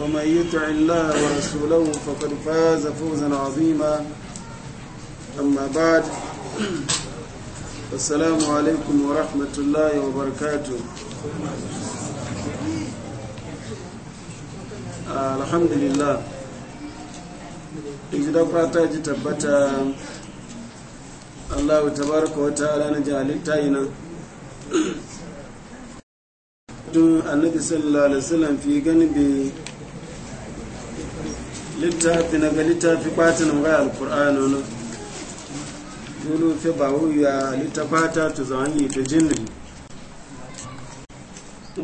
ومن يطع الله ورسوله فقد فاز فوزا عظيما اما بعد السلام عليكم ورحمه الله وبركاته آه الحمد لله إذا da fata ji tabbata Allah wa tabaraka wa ta'ala na jalita ina dun annabi sallallahu alaihi wasallam fi ganin littafi na ga littafi batin ga alkur'ani na dole fi ba wuya littafata ta zanyi ta jinni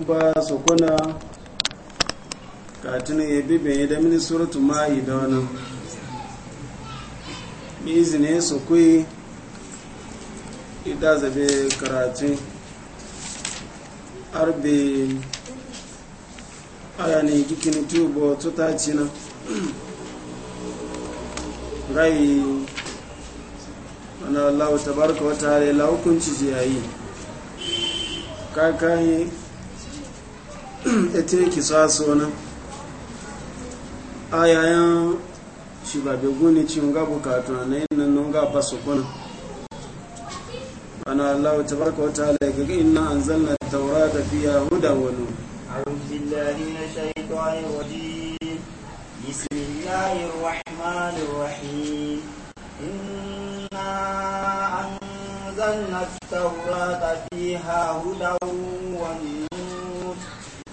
ba su kuna katinin ya bibe da mini suratu ma'i da wani izini su kuyi ida zabe karatun arbe ne gikini tubo tuta na. rai wani allahu tabarka wata hare la hukunci je yayi kakai ita yake saso nan a yayan shi ba beguni ci nga bukatu na yin nan nun gaba su kuna ana allahu tabarka wata hare gaga ina an zanna da fiya hudawa nun بسم الله الرحمن الرحيم إنا أنزلنا التوراة فيها هدى ونور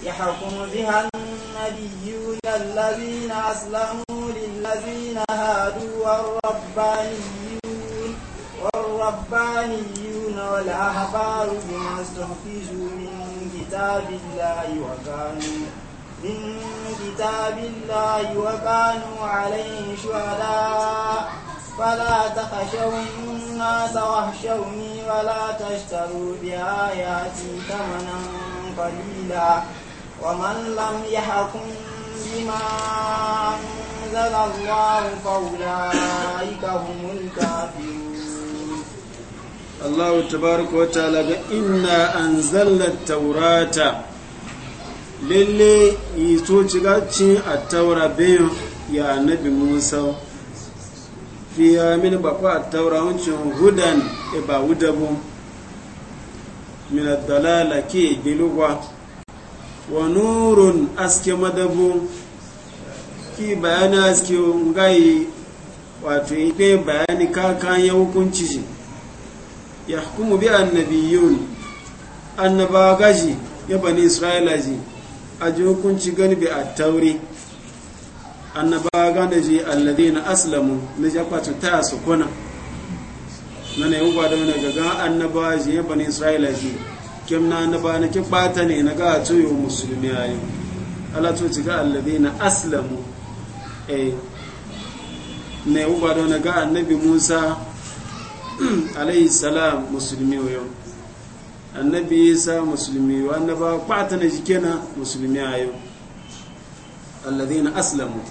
يحكم بها النبيون الذين أسلموا للذين هادوا والربانيون والربانيون والأحبار بما استحفظوا من كتاب الله وكانوا من كتاب الله وكانوا عليه شهداء فلا تخشوا الناس واخشوني ولا تشتروا بآياتي ثمنا قليلا ومن لم يحكم بما أنزل الله فأولئك هم الكافرون الله تبارك وتعالى إنا أنزلنا التوراة lalle yi to ciga a taura bayan ya annabi musa fi ya mini bakwa taura wancin hudan iba e ba wudabu min dalala ke gilugwa wa nurun aske madabu ki bayani aske ngayi wato pe bayani kakan ya hukunci shi ya hukumu bi annabiyun annaba gaji ya bani isra'ila ji aji ji hukunci galibi a tauri annaba gane ji alladhi na aslamu na jakwatu ta su kuna na na yi da wani gaga annaba ji ya bani isra'ila ji kim na annaba na kin bata ne na ga tuyo musulmi a yi ala ci ga alladhi na aslamu eh ne yi da wani ga annabi musa alayhi salam musulmi yau annabi isa musulmi wa annaba kwata na jike na musulmi a yau alladhina aslamu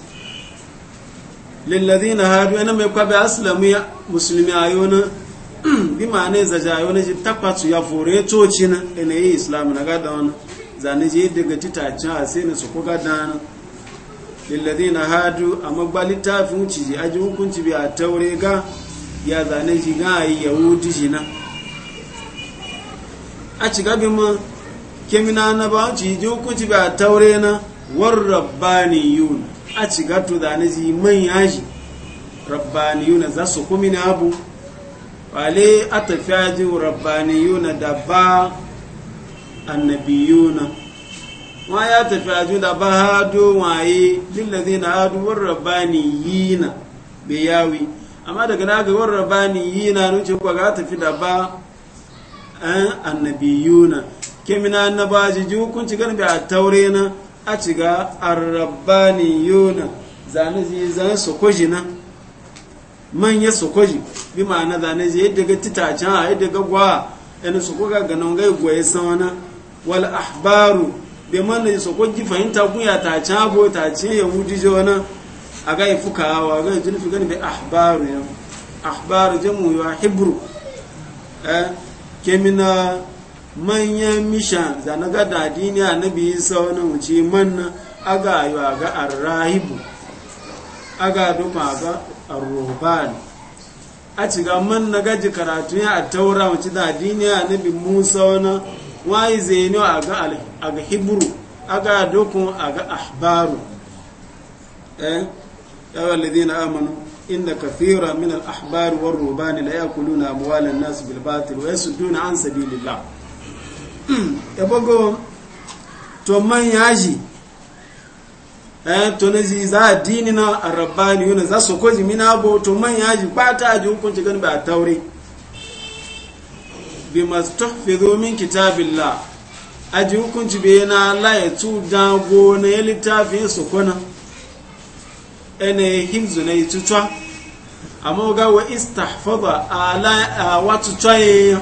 lilladhina hadu yana mai kwabe aslamu ya musulmi a yau na bi ma ne zaja yau na ji takwatu ya fore toci na ina yi islam na gada wani zane je daga titacin a sai na suku gada na lilladhina hadu a magbali littafin wuce ji aji hukunci bi a taure ga ya zane ji ga yi yahudi ji na a ci gabi ma kemina na ba ci ji hukunci ba taure na war rabbani yuna a ci gato da na ji man yaji rabbani yuna za su kumi na abu wale a tafiya ji rabbani yuna da ba annabi yuna ma ya tafiya ji da ba hado waye lillazi na hado war rabbani yina bai yawi amma daga na ga war rabbani yina nuce kwa ga tafi da ba an annabiyuna kemina annabaji ji hukunci ganin bi a taure na a ciga arrabani yuna zane zi zane sokoji na manya sokoji bi ma'ana zane ji yadda ga titacen a yadda ga gwa yana sokoga ganin gai gwaye sawana wal ahbaru bi mana ji sokoji fahimta kuya ta can abo ta ce wuji ji wani a ga fukawa ga jini fi ganin bi ahbaru ya ahbaru jamu ya hibru eh kemina manyan mishan da na ga dadini na biyu saunin wuce manna aga yi aga arrahibu aga duma aga arrobani a ci ga manna gaji karatu ya a taura wuce dadini annabi saunin wani wayi zeni aga aga hibru aga dokun aga ahbaru eh ya walladina amanu إن كثيرا min الأحبار ahbar لا يأكلون أموال الناس بالباطل an عن سبيل الله wa yasudduna an to man eh to ne zai za dini na arabani yuna za su koji mina abu to man yaji ba ta ji hukunci gani ba a taure bi domin min kitabillah aji hukunci bai na la ya tu dago na littafin su kwanan ene himzu ne tutwa amma ga wa istahfaza ala wa tutwa ye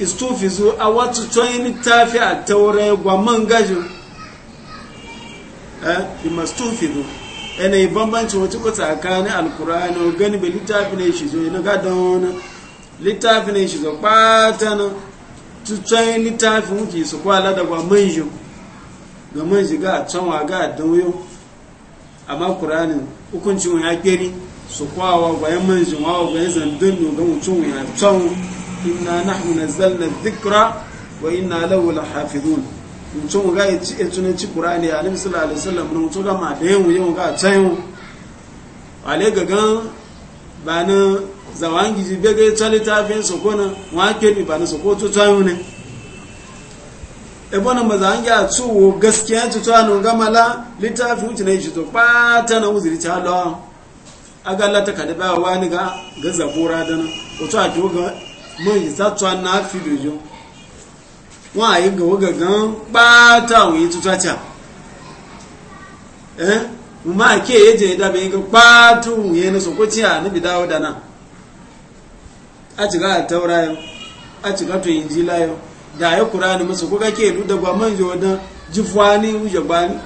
istufizu a eh, wa tutwa ye littafi a taure gwa man gajin eh imastufizu ene bambanci wata ko tsakanin alkur'ani gani be littafi ne shi zo ne ga don littafi ne shi zo patana tutwayin littafi muke su kwala da gwa manjo ga amma qur'anin hukuncin ya gari su kwawa bayan manjin wawa bayan zandun ga mutum ya can na hannun nazzalna zikra wa ina lawula hafizun mutum ga ya ci etun ci qur'ani ya nabi sallallahu alaihi wasallam mutum ga ma da yau yau ga can ale gan ba na zawangiji bege talita fin sokona wa ke ba na sokoto canu ne ebona atu wo gaskiya tutano gamala litafi uti na jito pata na uzi ta Allah aga la ta kadaba ba wani ga ga zabura dana wato a joga mun yi ta tsuwa na fi dojo wa yi ga waga gan pata wi tutacha eh mu ma ke yeje da be ga patu ye ko sokoci a ni bidawo dana a ga taurayo a ga to yo. ga ya ni masa ko kake du da gwaman jifuwa ni jifwani uje ni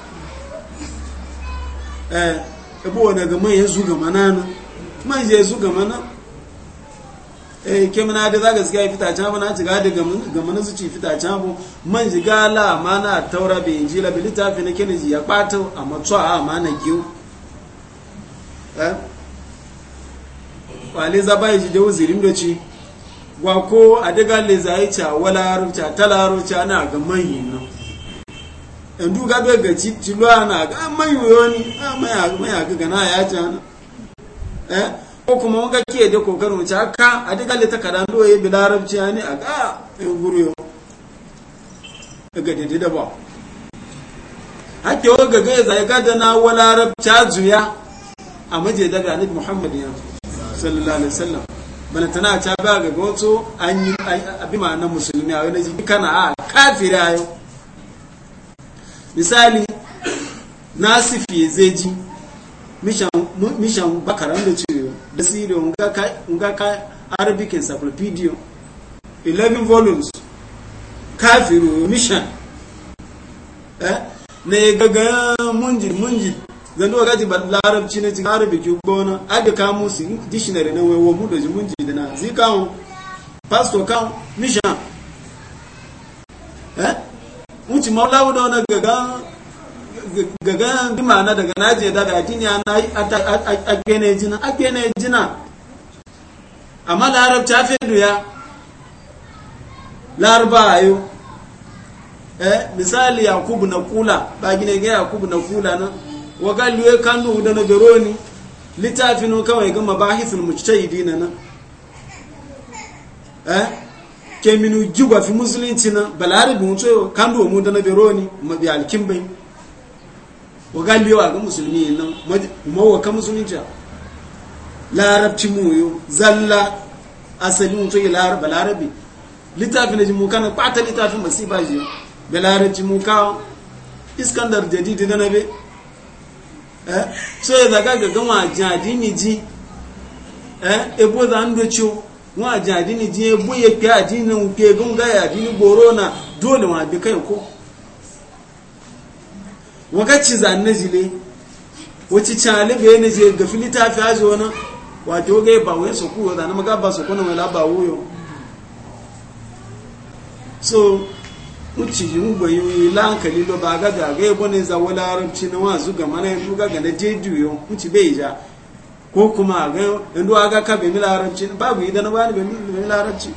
eh ebu wona ga mai ya ga mana na je yanzu ga mana eh ke mana da zaga suka ya fita can na ci ga da ga mana su ci fita can bu man ji gala mana taura be injila be litafi na ji ya kwato a tso a mana giyo eh kwale zaba ji jawo zirin da ci wa ko a daga le zai ca wala ruca tala ruca na ga manyi nan in duka bai ga ciluwa na ga manyi ah, wani a mai ah, a ga na ya ca na eh ko kuma wanga ke da kokarin wuce haka a daga le ta kada ndo doye bi larabci ne a ga in ah, guriyo ga dede da ba hake wa ga ga zai ga da na wala rabta zuya a maje daga annabi muhammad ya sallallahu alaihi wasallam mana tana ta ba ga goto an yi abi ma'anar musulmi a wani jiki kana a kafiri ayo misali nasifi zai ji mishan bakaran da yau da siriya nga ka arabic encyclopedia 11 volumes kafiru mishan eh na ya gaga munji munji zando gati ba larabci na cikin arabic gona aga ka su dictionary na wewo mu da jimun ji dana zi kawo pastor kawo mission eh wuce maulawu da wani gaga gaga bi ma'ana daga naje da da kini ana a kene jina a kene jina amma larabci a fi duya larba yi eh misali yakubu na kula ba gine ga yakubu na kula na. wa galiwe kandu da na beroni littafin kawai ga mabahisul mujtahidina na eh ke minu jigwa fi musulunci na balarabi mutu kandu mu dana da na beroni mabi alkimbin wa galiwa ga musulmi nan mawaka musulunci larabci muyo zalla asali mutu ya laraba larabi littafin da jimuka na kwata littafin masifa jiyo da larabci muka iskandar jadidi da na be Eh? so ya zaga gaga wajen adini ji ebo za ndo ciwo wajen adini ji ebo ya fi adini nke gunga ya adini goro na dole wa bi kai ko wakaci za na zile wacce cale bai ne je gafi littafi aji wani wato ga ba wai su kuwa za na maga ba su kuna mai laba wuyo so uci yi mu bayi yi lankali lo ba ga ga ga bane za wala arabci na wazu ga mana yi ga ga na jeju yo uci bai ja ko kuma ga indu aga ka bai mila arabci babu yi da na bani bai mila arabci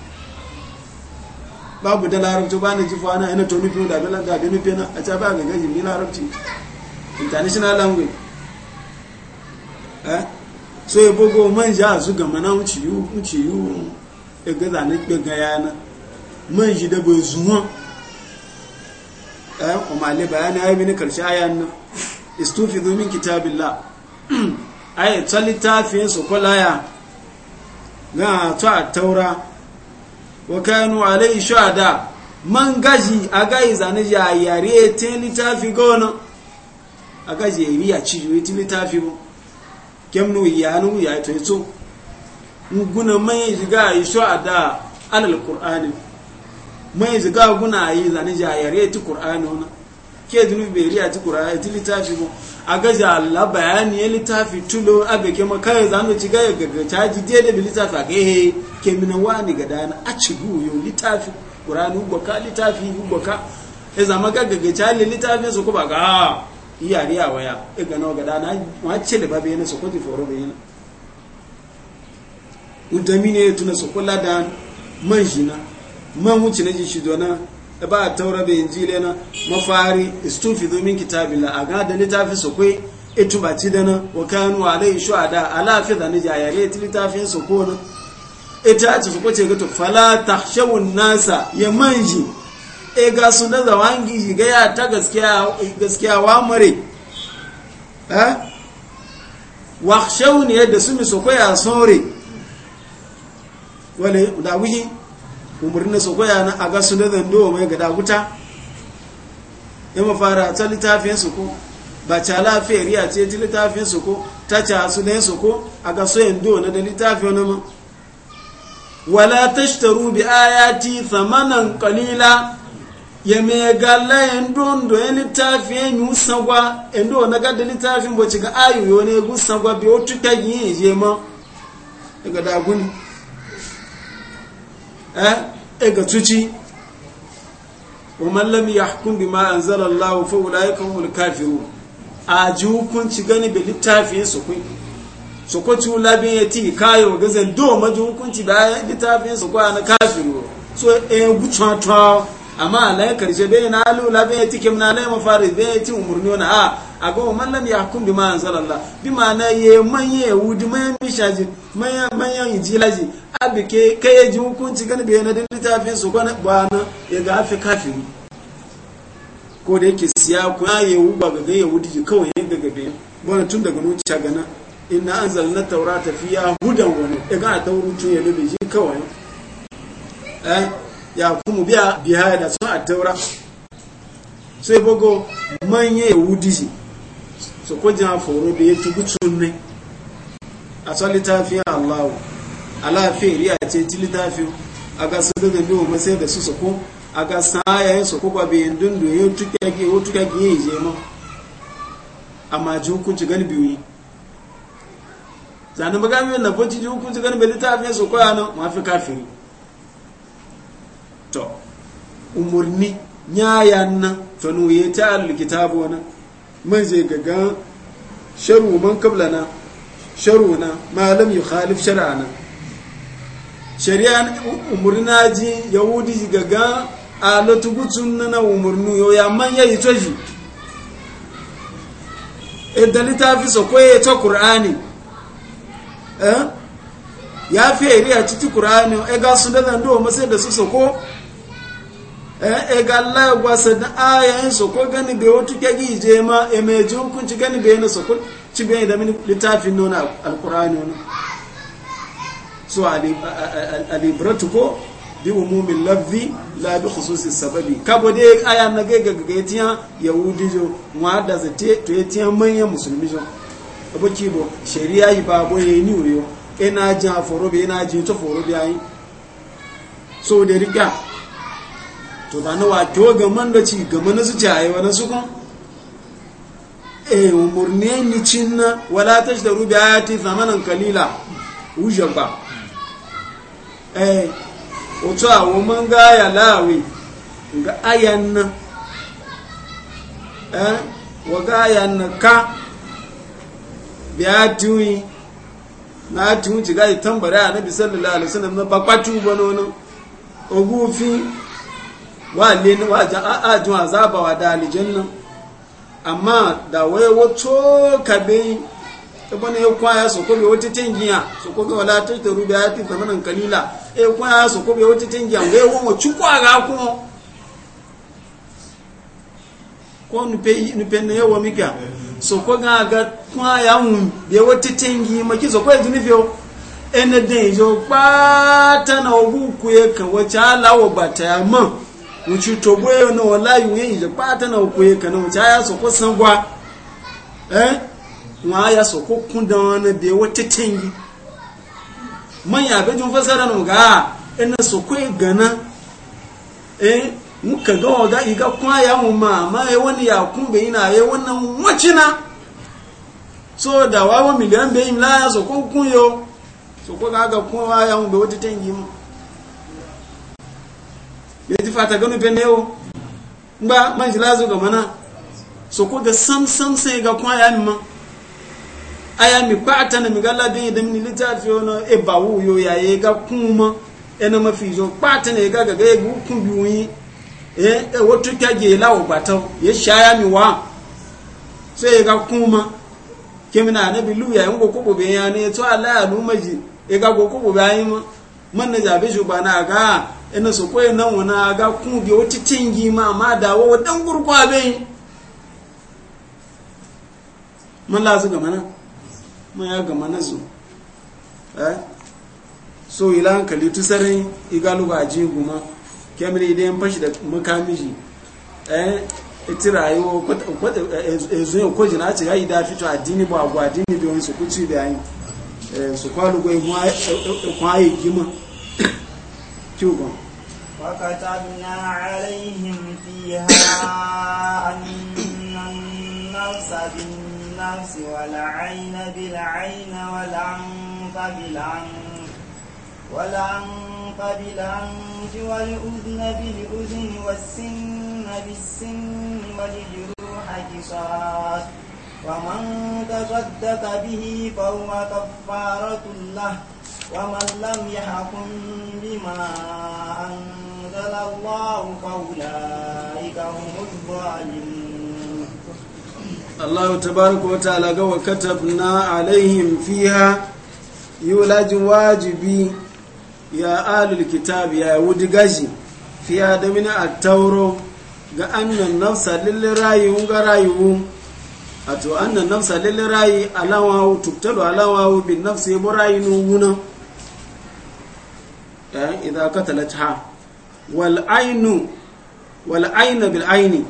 babu da larabci ba na jifa na ina to mi fi da bela da bi mi na a ta ba ga ga yi mila arabci international language eh so ya bogo man ja su ga mana uci yi uci yi ga da ne ga yana man ji da bai zuwa Eh, kuma le bayani ayi mini karshe ayan nan istufidu min kitabillah ayi ta littafin su kulaya na ta taura wa kanu alai shada man gaji a gaji zane ya yare ta littafi gona a gaji ya yi ya ci yi ta littafi mu kemnu yanu ya to yi so guna mai shiga yi da alal qur'ani mai ziga guna yi zane ja yare ti kur'ani ona ke dunu be a ti qur'ani ti litafi mu? a ja Allah bayani ya litafi tulo abe ke makai zanu ci ga gaga ji je da litafi aga he ke mina wani ga dana a ci guyo littafi litafi qur'ani littafi ka litafi zama ga gaga cali litafi su ko ba ga iya a waya e ga ga dana ma ce da babe yana su ko foro be ne udamine tuna su kula da manjina man wuce na shi dona ba a taura bai ji lena mafari istufi domin kitabila a gada littafi su kwai ito e ba ci dana wa kanu alai a ala alafi da ni jayare littafin su ko na ita e ce su kwace gato fala shawun nasa ya manji e ga su na zawangi ga ya ta gaskiya wa mare wa shawun yadda su mi su kwaya sore wale da wuyi umarni na sokoya na a gasu na zando mai gada guta ya mafara ta littafin su ko ba ca lafiyar ya ce ta littafin su ko ta ca su na su ko a gasu yando na da littafin Wala ta shi ta rubi ayati thamanan kalila ya me galla yando ndo ya littafin yi usagwa yando na gada littafin bo ci ga ayu yo ne gusagwa bi otu ta yi je ma daga daguni wa eh? ga tuci wa man lam yahkum bima anzala Allah fa ulaika humul kafiru. a ji hukunci gani bi littafin su kun su ko ci labin ya ti kayo gazan do ma ji hukunci ba littafin su kwa na kafiru so eh gucwa amma lai karshe bai na lula bai ti kimna lai mafaris bai ci umurni wani a a ga mallam ya kun bi ma'an salalla bi ma na ye manye ya wudi mayan mishaji mayan ijilaji a bi ke kai ya ji hukunci gani bai na fi su kwana ba ya ga hafi kafin ko da yake siya ku ya yi wuba ga ga ji kawai yadda gabe bana tun daga nuciya gana inna anzalna taurata fiya hudan wani ya ga a taurin tun ya lobe ji kawai eh? ya kuma biya biya da sun attaura sai bogo manye yahudi shi so kujin jina da ya tugu tunne a tsan littafin allahu alafin riya ce ti littafin a ga su daga biyu masai da su suku a ga sayayen su kuka bayan dundu ya tukage ya tukage ya je ma amma ji hukunci gani biyu ne zanen ba na bonci ji hukunci gani bai littafin su koya nan mafi kafin umarni nyayan nan tonu ya ta alkitabu na mai zai gaga sharu man kabla na sharu na malam yi khalif shari'a na shari'a umarni na ji yahudi gaga alatu gutsun na na umarni yau ya man yi toji idan e littafi sa koye ta kur'ani eh? ya fi iri a cikin kur'ani ya e ga su da zan do masai da su ko Eh, eh, ga Allah ya gwasa da ayayen su ko gani bai wata kyagi je ma eh, e mai ji hukunci gani bai su ci bai da mini littafin nuna alkurani so alibratu ko bi umumin lafzi la bi sababi kabo dai aya na ga ga ga tiya yahudi jo da zate to ya tiya manyan musulmi jo aboki bo shari'a yi ba bo ni ina ina ji so to da nawa to ga man da ci ga man su jaye wannan su kun eh umurne ni cin wala da rubi ayati zamanan kalila ujaba eh oto a woman ga ya lawi eh, ga ayan na? eh wa ga ayan ka biya atiwi na atiwi ci ga tambara annabi sallallahu alaihi wasallam na bakwatu bano nan ogufi wa le ni wa a jun azaba wa da aljanna amma da ka wato kabe ibn ya kwaya su ko be wata tingiya su ko wala ta ta rubi ayati zamanin kalila e kwaya su ko be wata tingiya ngai wo mu ci kwa ga ko ko nu pe nu pe ne yawo mika so ko ga ga kwaya mu be wata tingi maki so ko ejini fiyo ene den jo pa ta na ogu ku ye kan wacha lawo bata ma wuce to yau na wallahi yin jaba ta na koye kana wuce ya so ko gwa eh wa ya so ko da wani be wata man manya be jun fasara na ga in so ko gana eh ka ga ga iga ku ya mu ma ma e wani ya kun kumbe ina e wannan wacina so da wawo miliyan be la ya so ko kun yo so ko ga ga kun wa ya mu be wata tangi mu da ji fata gano bene yau ba man shi lazo ga mana so ko ga sam sam sai ga kwa ya mi ma aya mi pata na mi gala bin da mi litafi ono e ba wu yo ya ye ga kuma ena mafi zo pata na ga ga ga gu kun bi wi eh e, e wotu ka ge la o gbata ye shaya mi wa sai ga kuma kemina na bi lu ya ngo ko bo be ya ne to ala alu maji e ga go ko bo ba yi ma man na jabe shubana ga ina su koyi nan wana ga kun bi wata tingi ma ma dawo wadan gurkwa bai mun lazu ga mana mun ya ga mana su eh so ila hankali tu sarin igalu ba ji guma kemri idan fashi da makamiji eh ita rayuwa kwata ezo eh, eh, yin kwaji na ce ya yi da fito addini ba agwa addini da wani su kuci da yanyi eh, su kwalugo yi kwaye gima وكتبنا عليهم فيها أن النفس بالنفس والعين بالعين والأنف بالأنف والأنف بالأنف والأذن بالأذن والسن بالسن والجروح قصاص ومن تصدق به فهو كفارة له ومن لم يحكم بما أنزل الله فأولئك هم الظالمون الله تبارك وتعالى وكتبنا عليهم فيها يولاج واجبي يا آل الكتاب يا يهود غزي فيها دمنا التوراة ga annan nafsa lille rayu ga rayu ato annan nafsa lille rayi alawa tuktalo alawa bin nafsi bu rayu nuna Eh, idza qatalatha wal ainu wal ainu bil aini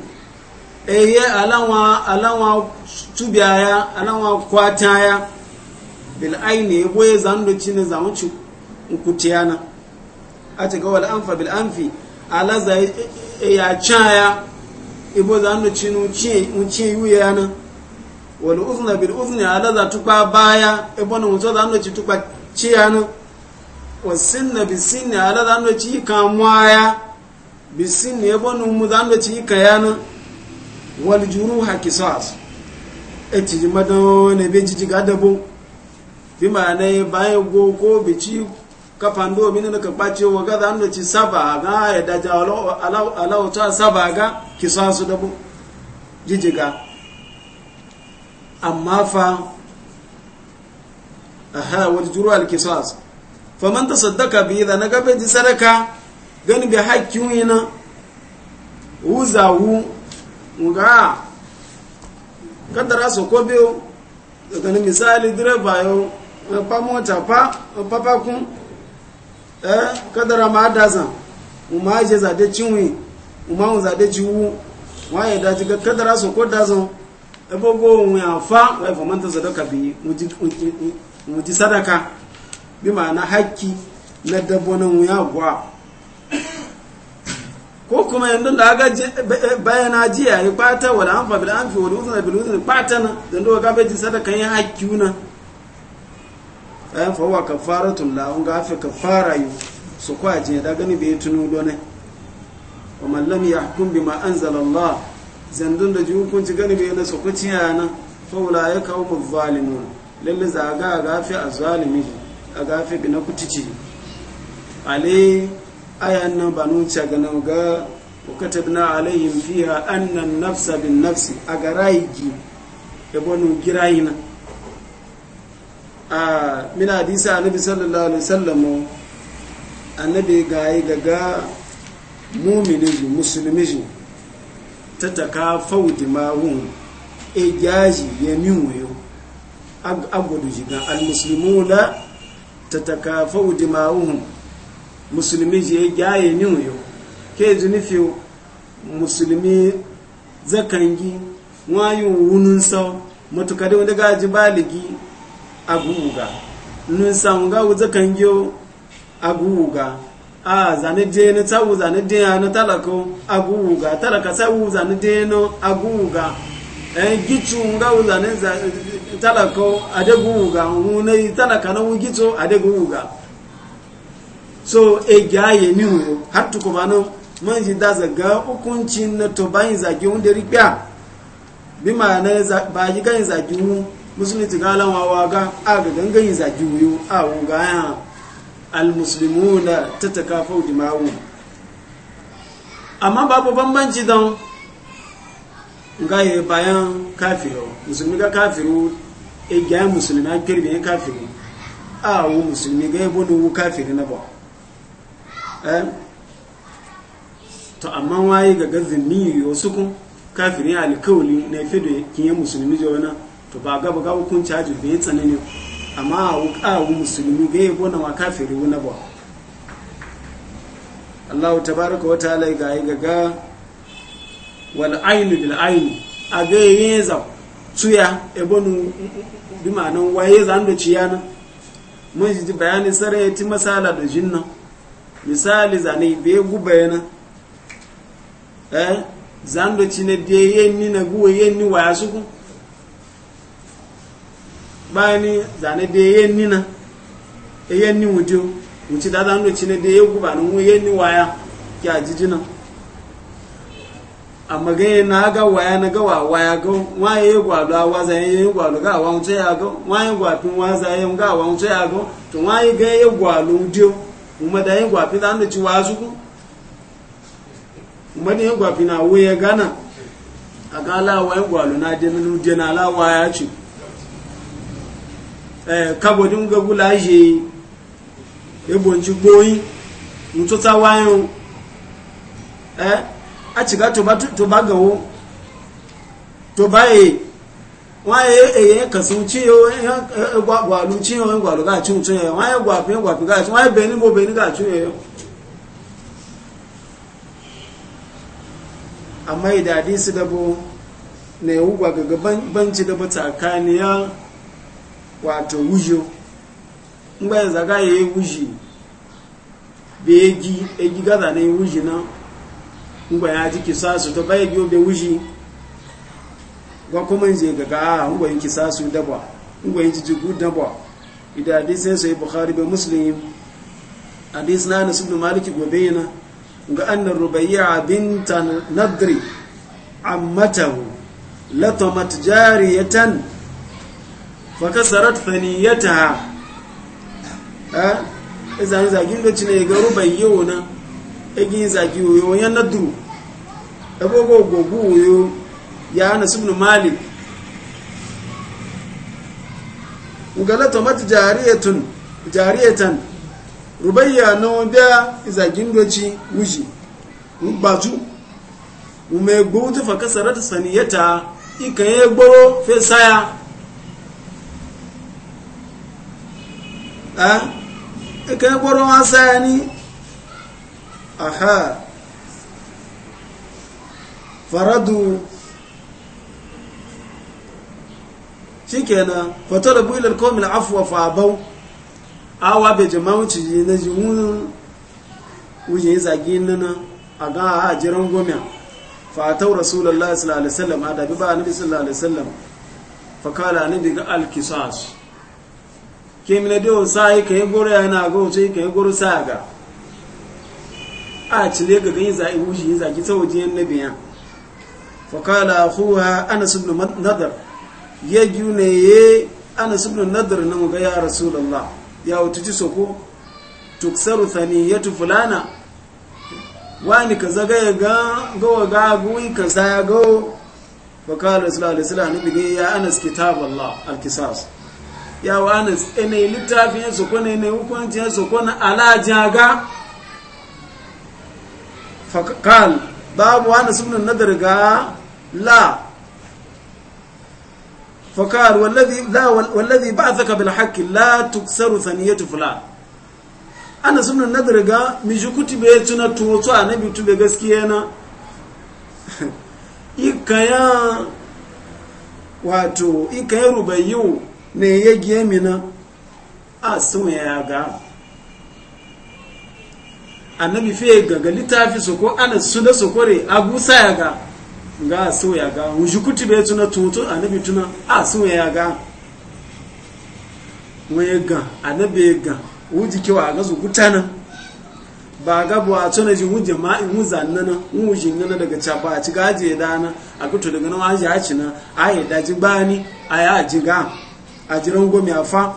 eye alawa alawa tubiaya alawa kwataya bil aini boye zando chine za mutu nkutiana ate ga wal anfa bil anfi alaza e, e, e, ya chaya ibo zando chinu chi unchi yuyana wal uzna bil uzni alaza tukwa baya ebo ibo no zando chitukwa ciyana. wasinna bisinni ala zan da ci ka mwaya bisinni ya bonu mu zan da ci ka yana wal juruha kisas eti jimado ne be jiji gadabo bi ma ne bayan go ko bi ci kafan do min ne ka bace wa ga zan da ci saba ga ya da ja ala ala ta saba ga kisas dabo bu jijiga amma fa aha wal juruha al kisas faman ta saddaka bi da na gabe ji sadaka gani bi hakkin yana wuzawu ga kadara su ko biyu daga misali direba yau pa mota pa papa kun eh kadara ma mu ma je zade cinwi umma un zade ciwu wa ya daji ga kadara su ko dazan ebogo un ya fa wa fa man ta sadaka bi mu ji sadaka bi ma'ana haƙƙi na dabbonin wuya guwa ko kuma yanzu da aga bayana jiya ya kwata wala an fabil an fi wani uzun bil uzun kwata na don da ga bejin sadaka yin haƙƙi na ayan fawa huwa kafaratun la un ga fa kafara yu su kwa jin da gani bai tunu lone wa man lam yahkum bima anzala Allah zandun da ji hukunci gani bai na sokoci yana fa ulai kaumu zalimun lalle zaga ga fi azalimi a gafe na kutici ale ayan nan ba nuce ga nan ga katabna alaihim fiha anna nafsa bin nafsi a ga rayigi bonu girayina a min hadisa annabi sallallahu alaihi wasallam annabi ga yi gaga mumini musulmi ta taka fawdi mahun e jaji yamin wayo agudu jiga al-muslimuna tatakafau dima'uhum musulmi je yaye ni yo ke zuni fi musulmi zakangi wayu wunin sau matuka da wanda gaji baligi aguga nun san ga zakangi a aguga a zane je na tsawu zane de na talako aguga talaka tsawu zane de no aguga eh gichu nga wuza zane talako adegunwuga hunai talaka na wugito adegunwuga so egya ye ni huyo har tukuma no manji daza ga zaga hukuncin na to bayin zagi hun da rikya bi ma na ba yi ganin zagi hun musulunci ga alawawa ga aga gangayin zagi huyo a wuga ya almuslimuna tatakafau dimawu amma babu bambanci don ga bayan kafiru musulmi ga kafiru e ga musulmi a kirbi ya kafiri a wu musulmi ga yabo ne wu kafiri na ba e, to amma waye ga gazin ni wasu kun kafirin alkawali na fi da yi musulmi da wani to ba gaba ga hukun caji bai tsanani amma a wu musulmi ga yabo na wa kafiri na ba Allah tabaraka wa ta'ala ga yi gaga wal aini bil aini a ga yi yin zab tuya ebonu bi ma'anan waye zan da ciya nan mun ji bayani sarai ti masala da jinnan misali zane be guba yana eh zan da ci ne de yenni na guwe yenni waya su ku bani zane de yenni na yenni wujo wuci da zan da ci ne de guba nan yenni waya ki ajijina amma ga ga waya na ga waya ga waye ya gwalo a waza ye yi gwalo ga wa wuce ya ga waye gwafin waza ya ga wa wuce ya ga to waye ga ya gwalo dio kuma da ya gwafi da anda ci wazu ku kuma da ya gwafi na wo ya gana a ga ala waye gwalo na je na dio na ala waya ci eh kabodin ga gula je ebonci gboyin mututa wayo eh a ciga tuba gawo tuba e, wọ́n yẹ èyẹ kàsùn tí ó gbàlù tí ó gbàlù káàkiri tún yẹ wọ́n yẹ gbàpín gbàpín káàkiri wọ́n yẹ bẹni mo bẹni káàkiri yẹ amma idadi su dabo na yi wugwa gaga banci dabo tsakaniyar wato wujo ngbayin zaga ya yi e wuji begi e egi gaza na yi e wuji nan ngwa ya ji kisasu ta bai biyo bai wuji ga kuma je ga ga ah, ngwa yin kisasu daba ngwa yin jiju daba idan hadisi sai bukhari bai muslim hadis na nasu ibn malik gobe yana ga annar rubayya binta nadri ammatahu latamat jariyatan fakasarat faniyataha eh ah, izan zagin da ya ga rubayyo na egin zagi wuyo yan nadru ebogo gogu wuyo ya anas ibn malik ugalata mat jariyatun jariyatan rubayya no bia zagin doci wuji gbaju ume gbo ta fa kasarat saniyata ikan ye gbo fe saya ah ikan gbo ro wa saya ni aha faradu shikenan fatara bu ilal qawmil afwa fa bau awa be jama'u ci na ji mun wuje zagi nana aga a jiran goma fa ta rasulullahi sallallahu alaihi wasallam ada bi ba annabi sallallahu alaihi wasallam fa kala annabi ga al qisas kemile do sai kai goro yana ga go sai kai goro saga a cile ga ganin zai wuji ya zaki ta waje yin nabiya fa qala ana anas ibn nadar ya gune ye ana ibn nadar na muga ya rasulallah ya wata ci soko tuksaru thaniyatu fulana wani kaza ga ga ga ga gui kaza ga fa qala sallallahu su wasallam nabi ya anas kitabullah al-qisas ya wa anas ene littafin soko ne ne hukunci soko na alajaga فقال باب وانا سمن النذر قال لا فقال والذي لا والذي بعثك بالحق لا تكسر ثنيه فلان ana suna na daga mijukuti bai na ikaya wato ne ya giye mina a annabi fiye gaga littafi su ko ana su da su kore agusa ya ga ga so ya ga kuti bai tuna tutu annabi tuna a so ya ga wani ga annabi ga wuji kewa a gasu gutana ba ga bu a tuna ji wuje ma in wuza nana wuje nana daga a ci gaje dana a kuto daga nan aje haci na yi daji bani ga a jiran gomi fa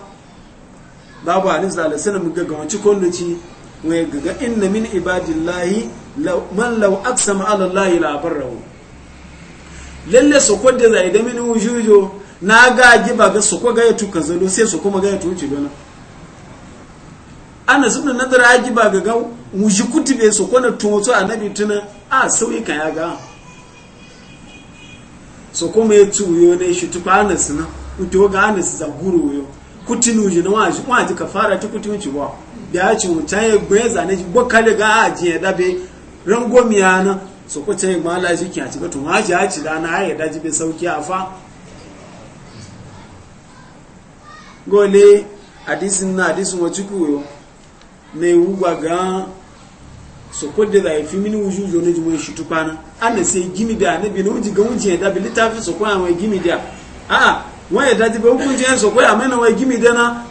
babu hadisi da alaihi mu ga ga wanci kondoci wai gaga inna min ibadillahi man law aksama ala allahi la barrahu lalle su da zai da min wujujo na ga giba ga su ga ya ka zalo sai su kuma ga ya wuce dona ana sun na dara giba ga ga wuji kutube su kwana tumoto nabi tuna a sauyi kan ya ga su kuma ya tuyo ne shi tuka anas na mutu ga anas za guru yo kutinu ji na waji waji kafara ta kutinu ci wa biya ci ya gwe zane ji gbokale ga aji ya dabe rango miya na so ko ma la ji kiyaci ga tun haji haji da na ya daji be sauki a fa gole hadisin na hadisin wa ciku yo ne wugwa ga so ko de zai mini wuju jo ne ji mun shi tukwana an sai gimi da ne bi ne wuji ga wuji ya dabe litafi so ko wai gimi da a a wai daji be hukunci so ko amena wai gimi da na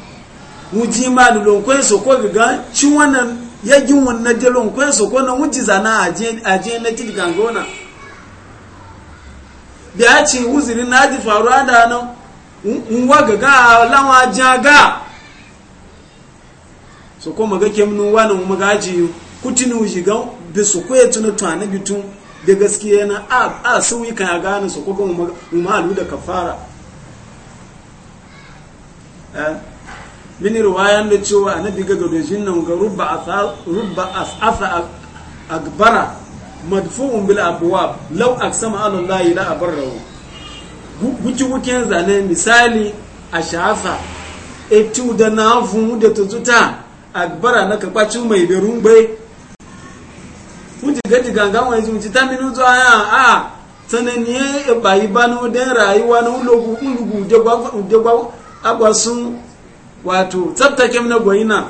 wuji ma lonkwen so ko ga ci wannan yagin wannan da lonkwen so ko na wuji zana aje na ti gangona bi a ci wuziri na ji faruwa da nan nwa gaga lawa jaga so ko maga kemnu wannan maga ji kutinu ji ga bi su ko tuna bi tun da gaskiya na a a sauyi kan gane so ko ga mu malu da kafara eh mini ruwayan da cewa annabi ga gadojin nan ga rubba as'asa akbara madfu'un bil abwab law aksama ala allahi la abarrahu guki wuken zane misali a shafa etu da na fun da tututa akbara na kakwaci mai berun gbe wuji gaji gangan wani zuci ta minu zuwa a sananiye bayi banu den rayuwa na ulogu ulugu ujegwa agwasun wato tsabtake na goyina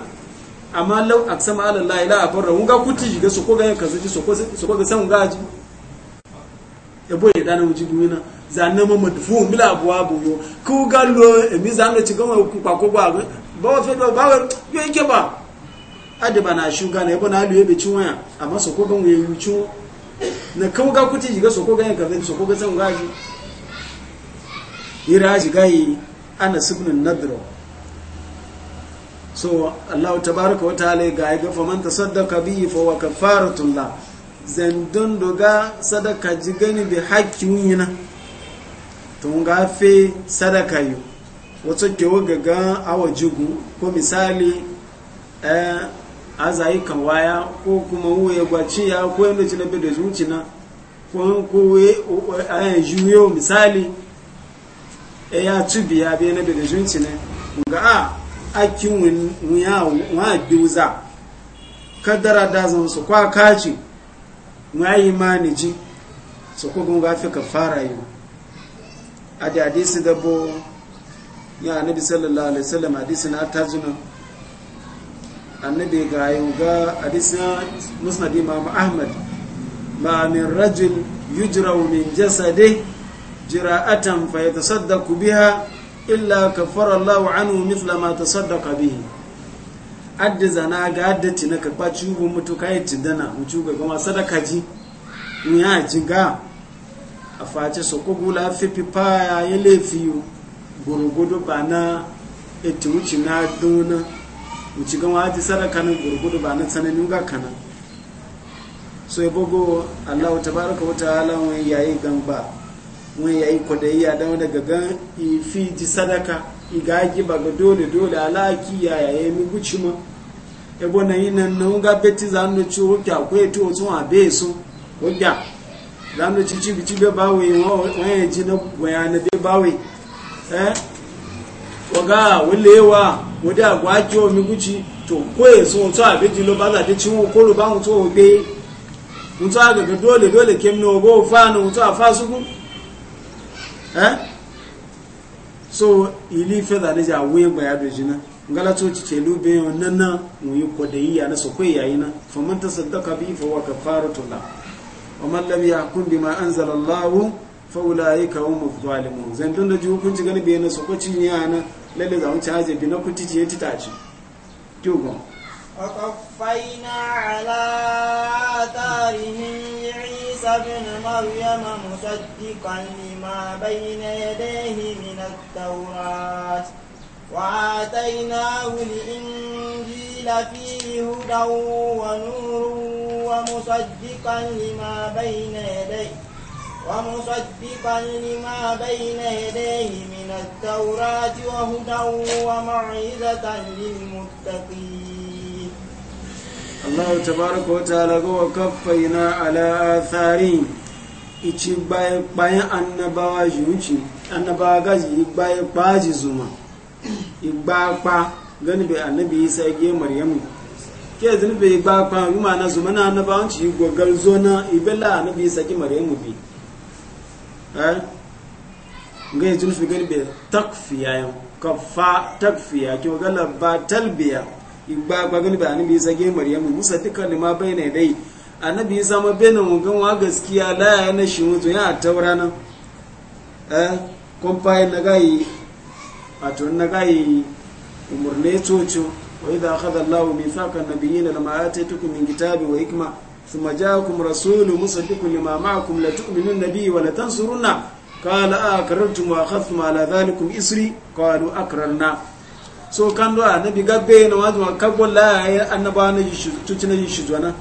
amma lau a sama ala la a farra wunga kuti shiga su ko ga ka su ko ga san wunga ji ya boye da na wuce goyina za na ma madfu mila abuwa buwo ku ga emi za na ci gama kwakwa kwa wa ba wa fi ba wa yi ke ba ade ba na shuga na e bona alu e be waya amma su ko ga mu yi cinwa na kan ga kuti shiga su ko ga ka zuji su ko ga san wunga ji ra shiga yi ana sifinin nadro so Allah tabaraka wa ta'ala ga ga faman tasaddaqa bihi fa wa kafaratun la zandun doga sadaka jigani bi haqqi yina to ga fe sadaka yo wato ke waga ga awajugu ko misali eh azai kan waya ko kuma wuye gwaci ya ko yanda ci na da zuci na ko ko we ayan eh, juyo misali e ya tubi ya be na da zuci ne ga a ah, aki wa biuza kadara da zan su kwa kaci wa yi ji su kogon gafi ka fara yi a da hadisi da bo ya annabi sallallahu alaihi wasallam hadisi na tajuna annabi ga yi ga hadisi musnad imam ahmad ma min rajul yujra min jasadihi jira'atan fa yatasaddaqu biha illa kafara Allahu anhu mithla ma tasaddaqa bihi adda zana ga adda tina ka kwaci ubu mutu kai tidana mutu ga kuma sadaka ji mu ya jinga a face su ko gula fi pipa ya lefi gurgudu ba na eti wuci na dona wuci ga waji sadaka na gurgudu ba na ga kana so ya bogo Allah tabaraka wa ta'ala wani yayi gamba wani ya yi kwadayya da wani gagan ifi ji sadaka igagi ba ga dole dole alaki ya yaye mi guci ma ebo na yi nan na nga beti za ndo ci o kya ko eto tun abe so o gya za ndo ci ci bi be bawe won e ji na boya na be bawe eh oga wulewa wa wadda gwaki o mi guci to ko eso tun abe ji lo ba za de ci won ko lo ba won to o gbe won to aga dole dole kem no go fa no to afa sugun eh so ili feda ne ja we ba da jina ngala to ci celu be wannan nan mu yi ko yi ya na so ko yayi na fa man tasaddaqa bi fa wa kafaratu la wa man lam yahkum bima anzala Allah fa ulaika hum zalimun zan dun da ju kun ci gani be na so ko ci ya na lalle za mu ci haje bi na ku ti ci ta ci to go وقفينا على آثارهم عيسى ابن مريم مصدقا لما بين يديه من التوراة وآتيناه الإنجيل فيه هدى ونور ومصدقا لما بين يديه ومصدقا لما بين يديه من التوراة وهدى وموعظة للمتقين allahu tabaraka wataala ga wa kaffaina ala atharihim ichi bayan bayan annabawa ba annabawa gaji bayan baji zuma igba pa gani bai annabi isa ge maryamu ke zini bai igba pa yuma na zuma na annabawan ci gogal zona ibella annabi isa ge maryamu bi eh ngai zini fi gani bai takfiya yau kafa takfiya ke gala ba talbiya ba magani ba ni misa ge maryamu musa tika ni ma bayna dai annabi isa ma bayna mu gan wa gaskiya la ya na shi mutu ya tawra nan eh kon fayin na gai a to na gai umur ne cocu wa idha akhadha allah mithaqa nabiyina lama atatukum min kitabi wa hikma thumma ja'akum rasulun musaddiqun lima ma'akum la tu'minun nabiyyi wa la tansurunna qala akrartum ah, wa akhadhtum ala dhalikum isri qalu akrarna so kan do annabi gabbe na wazu kabbo la ya annaba na yishu tuci na yishu jona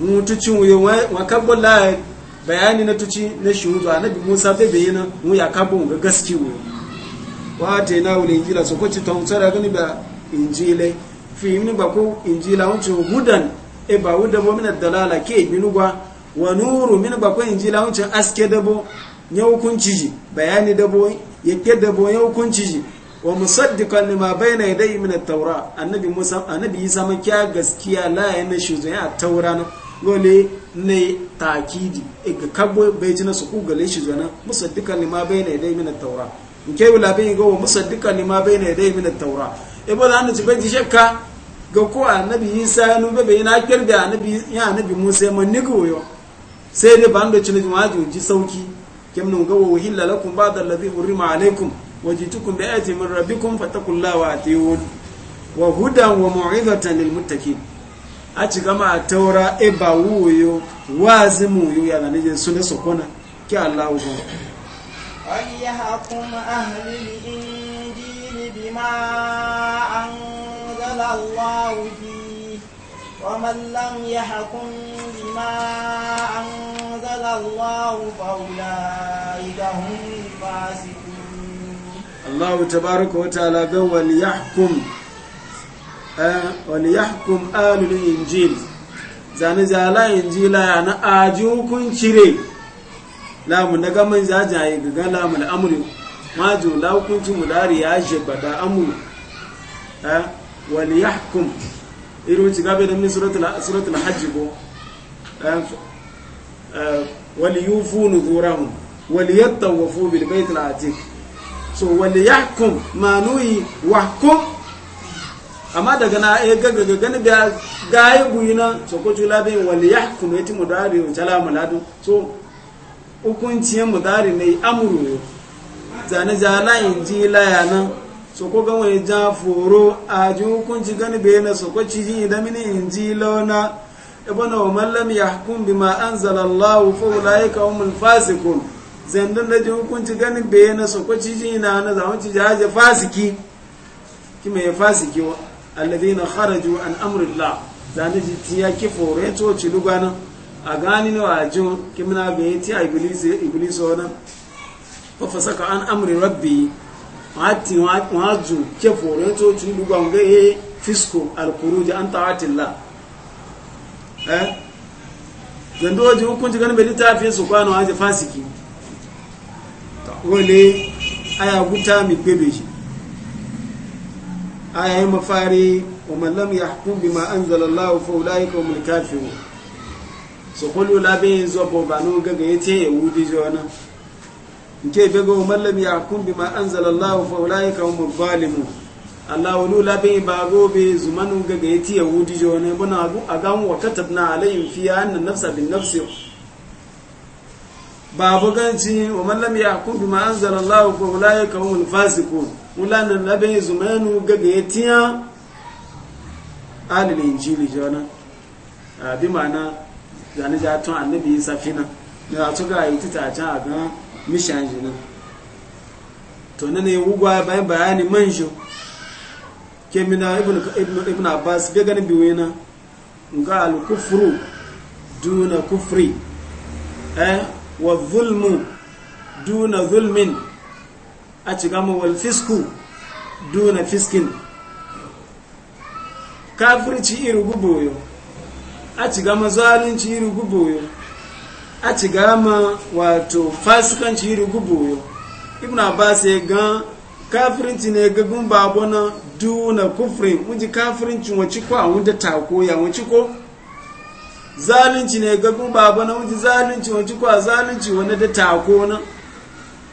mu tuci mu yo wa kabbo la bayani na tuci na shi hudu annabi Musa be be yana mu ya kabbo ga gaski wo wa ta na wuri injila so ko ci ton tsara gani ba injile fi min ba ko injila wuce hudan e ba wuda bo min dalala ke gwa wa nuru min ba ko injila wuce aske dabo ya hukunci ji bayani dabo yake dabo ya hukunci wa musaddiqan lima bayna yadayhi min at-taura annabi musa annabi isa ma kya gaskiya la ya na shi zuwa taura no gole ne takidi ga kabo bai ji na su gale shi zuwa musaddiqan lima bayna yadayhi min at-taura in kai wala bai go musaddiqan lima bayna yadayhi min at-taura e ba zan ci bai shakka ga ko annabi isa no be bai na kirda annabi ya annabi musa man nigo yo sai dai ban da cin ji sauki kemnu ga wa hillalakum ba'da alladhi hurima alaikum وجئتكم بآية من ربكم فاتقوا wahudan wa وهدى وموعظة للمتقين aci gama a taura e ba wuyo wazi mu yu ya zane su sokona ki Allahu ko ay yahkum ahli al-injil bima anzala Allah fi wa man lam yahkum bima anzala Allah fa ulaika hum fasiqun Allah tabaraka wa ta'ala ga wani yahkum eh, wani yahkum alul injil zane jala injila ya na aji hukunci re lamu na gaman jajaye gaga lamu na amuru maju la hukunci mulari ya shi bada amuru eh, wani yahkum irin ci gabe da min suratul hajji ko eh, wali yufu nuzurahum wali yattawafu bil baitul atiq so wali nuyi wa wahkum amma daga na ya eh, gaga ga gani da gayi guyina so ko jula bin wali ya ti mudari wa tala muladu so ya mudari ne amuru zane ji laya layana so ko ga wani ja foro a ji hukunci gani bai na so ko ci ji idan mini ji launa ibn wa man lam yahkum bima anzala zalallahu fa ya kawo mulfasikun zandun da jin hukunci ganin bai na sokwaci ji na na zaman ci jaje fasiki ki mai fasiki wa alladhina kharaju an amrillah zani ji tiya ki fore to ci lugana a gani ne wa jin ki muna bai ti iblis iblis wannan fa fasaka an amri rabbi wati waju ke fore to ci lugana ga e fisko alkhuruj an ta'atillah eh zando ji hukunci ganin bai littafin su kwana waje fasiki wale aya guta mi bebe shi aya yi mafari wa mallam ya hukun bi ma an zalallahu faulayi ka umar kafiru so kullu labe yin zuwa bobanu gaga ya ce yahudi ji wani nke bego wa mallam ya hukun bi ma an zalallahu faulayi ka umar zalimu allah wani labe yin ba gobe zumanu gaga ya wudi yahudi ji bana a gan wa katabna alayhim fiye annan nafsa bin nafsi babu ganci wa mallam ya kun bi ma'anzar Allah ko wulaye ka hun fasiku wulanan bai zumanu gaga ya tiya alil injili jona bi ma'ana zane ja tun annabi yi tita can a gan mishan jina to nan ne wugwa bayan bayani man shi kemina ibn abbas bai ganin ga al duna kufri eh wa zulmu duna zulmin a ci gama wal fisku duna fiskin ci iri guboyo a ci gama ci iri guboyo a ci gama wato ci iri guboyo ibn abbas ya gan kafirinci ne gagun babona duna kufrin wuji kafirinci ci ko a wunda tako ya ko zalunci ne ga kun baba na wuce zalunci wancin kwa zalunci wani da tako na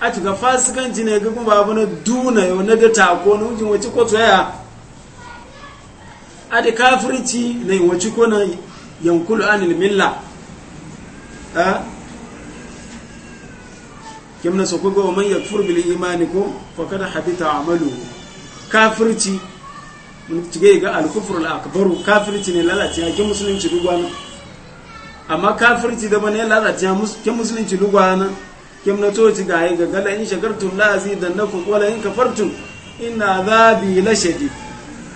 a ga fasikanci ne ga kun baba na duna wani da tako na wuce wancin kwa tsoya a da kafirci na yi wancin kwa na yankulu anil milla a kim na sokwa ga waman yakfur bil imani ko fakada habita amalu kafirci mun cike ga alkufrul akbaru kafirci ne lalace ya ke musulunci duk wani amma kafirci da bane lalace ke musulunci lugwana ke na ga yi gagala in shagartun lazi da na kukwala in kafartun ina zabi la shadi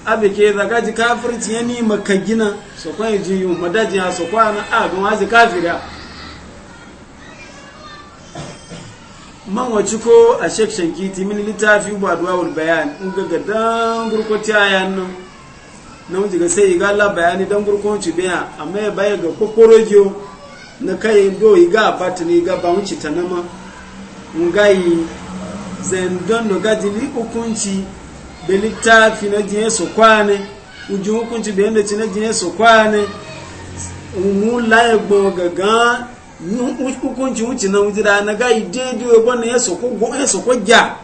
abu ke zaga ji kafirci ya ni ka gina so ji yi ji madaji ya kwana a ga wazi kafira man waci ko a shek kiti min littafi ba duwawar bayan in ga gadan gurkwata nan na wuce ga sai ga Allah bayani dan gurkunci biya amma ya baya ga kokoro jiyo na kai do yi ga bata ne ga ba ta nama Nga yi zan don no gaji ni hukunci da littafi na jiye su kwane uji hukunci da yadda ci na jiye su kwane umu laye gbo gaga hukunci wuce na wujira da na ga yi daidai wani ya soko gya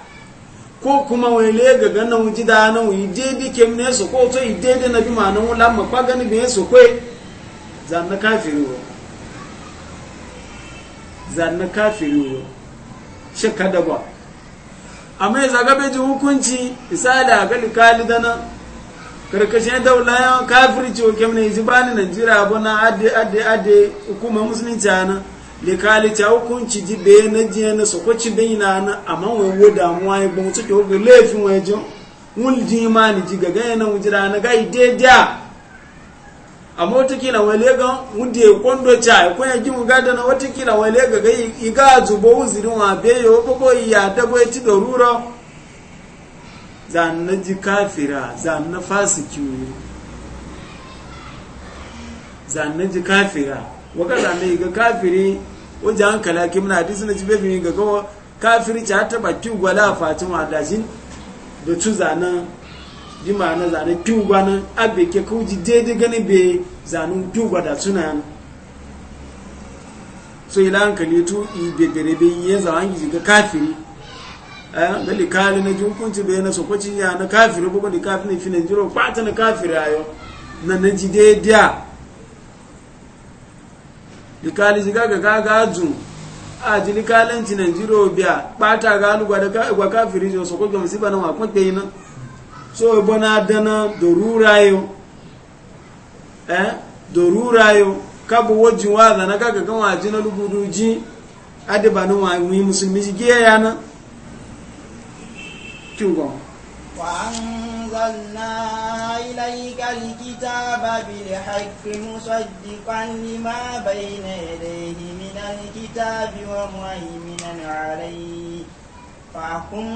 ko kuma wele ga ganin wuji da nan wuyi daidai kem ne su ko to yi daidai na bi ma nan wula ma kwa gani bin su kwe zanna kafiri wo zanna kafiri wo shakka da ba amma ya zaga bai ji hukunci misali a gali kali da nan karkashin daula ya kafirci wa kem ne ji bani najeriya abu na adde adde adde hukumar musulunci a nan likali ta hukunci ji be na ji na so ko ci bin na amma wai wo damuwa ya gbon su ko laifin wai jo mun ma ni ji ga gaya na wujira na ga a ma wata kila wai lega mun de kondo ca ko ya ji mu gada na wata kila wai lega ga ga zubo wuzirin wa be yo ko yi ya da ko ti doruro zan na ji kafira zan na fasiki zan na ji kafira wakala yi ga kafiri wanda hankala kim na hadisi na jibe bin ga gawa kafirci har taba kin gwala fatin wadashin da tu zanen di ma'ana zanen kin na abe ke ji daidai gani be zanen kin da suna yana so ila hankali tu ibebere be ya yanzu hangi ga kafiri yan gali kali na jinkunci be na sokocin ya na kafiri bukwa da kafiri fi na jiro kwata na kafiri ayo na na ji daidai likali shiga ah, ga gagaju a ji likalanci nigeria biya bata ganu gwa kafiri jo so kogi musiba na wa kunte yi na so ibo na adana dorura yo eh dorura yo kabu waji waza na kaga kan waji na lugudu ji adiba na wa musulmi shi giya yana kin أنزلنا إليك الكتاب بالحق مصدقا لما بين يديه من الكتاب ومهيمنا عليه فاحكم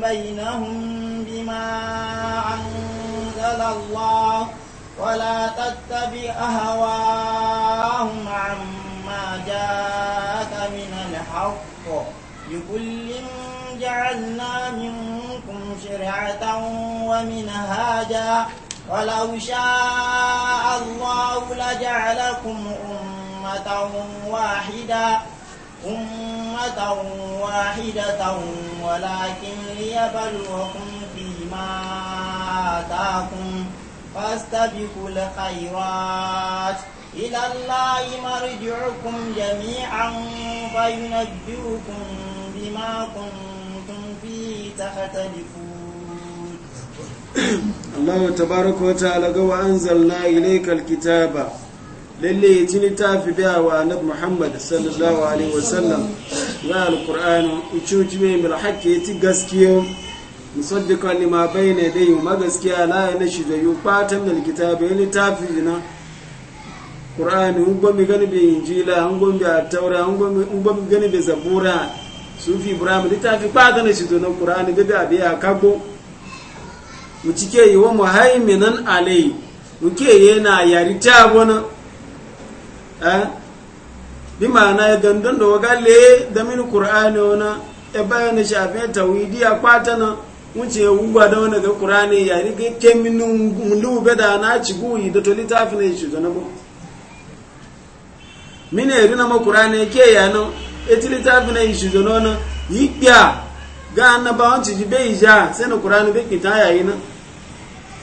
بينهم بما أنزل الله ولا تتبع أهواءهم عما جاءك من الحق لكل جعلنا منكم شرعة ومنهاجا ولو شاء الله لجعلكم أمة واحدة أمة واحدة ولكن ليبلوكم فيما آتاكم فاستبقوا الخيرات إلى الله مرجعكم جميعا فينبئكم بما كنتم تختلفون الله تبارك وتعالى وأنزلنا إليك الكتاب lalle ya ci littafi biya wa annab muhammad sallallahu alaihi wa wasallam na alkur'an ucuci mai milhaki ya ci gaskiya musaddikan lima bai ne dai ma gaskiya na ya na shi da yi fatan da likita bai littafi na ƙur'ani un gani bai injila un gani bai taura un gani bai zabura sufi ibrahim littafi ɓata na shi na ƙura'ani bebe a biya kagbo mu cike yi wa muhaiminan alayi muke yana yari ta gona eh? bi ma'ana ya gandun da waga le da mini ƙura'ani wana ya bayan shafi tawidi a ɓata na wuce ya gugba da wani ga ƙura'ani yari ga keminin lube da na ci guyi da to littafi na shi na bu mini yari na ma ƙura'ani ke yano etili tafi na ishi zono na yikya ga annabawan ci ji bai ja sai na qur'ani bai kita yayi na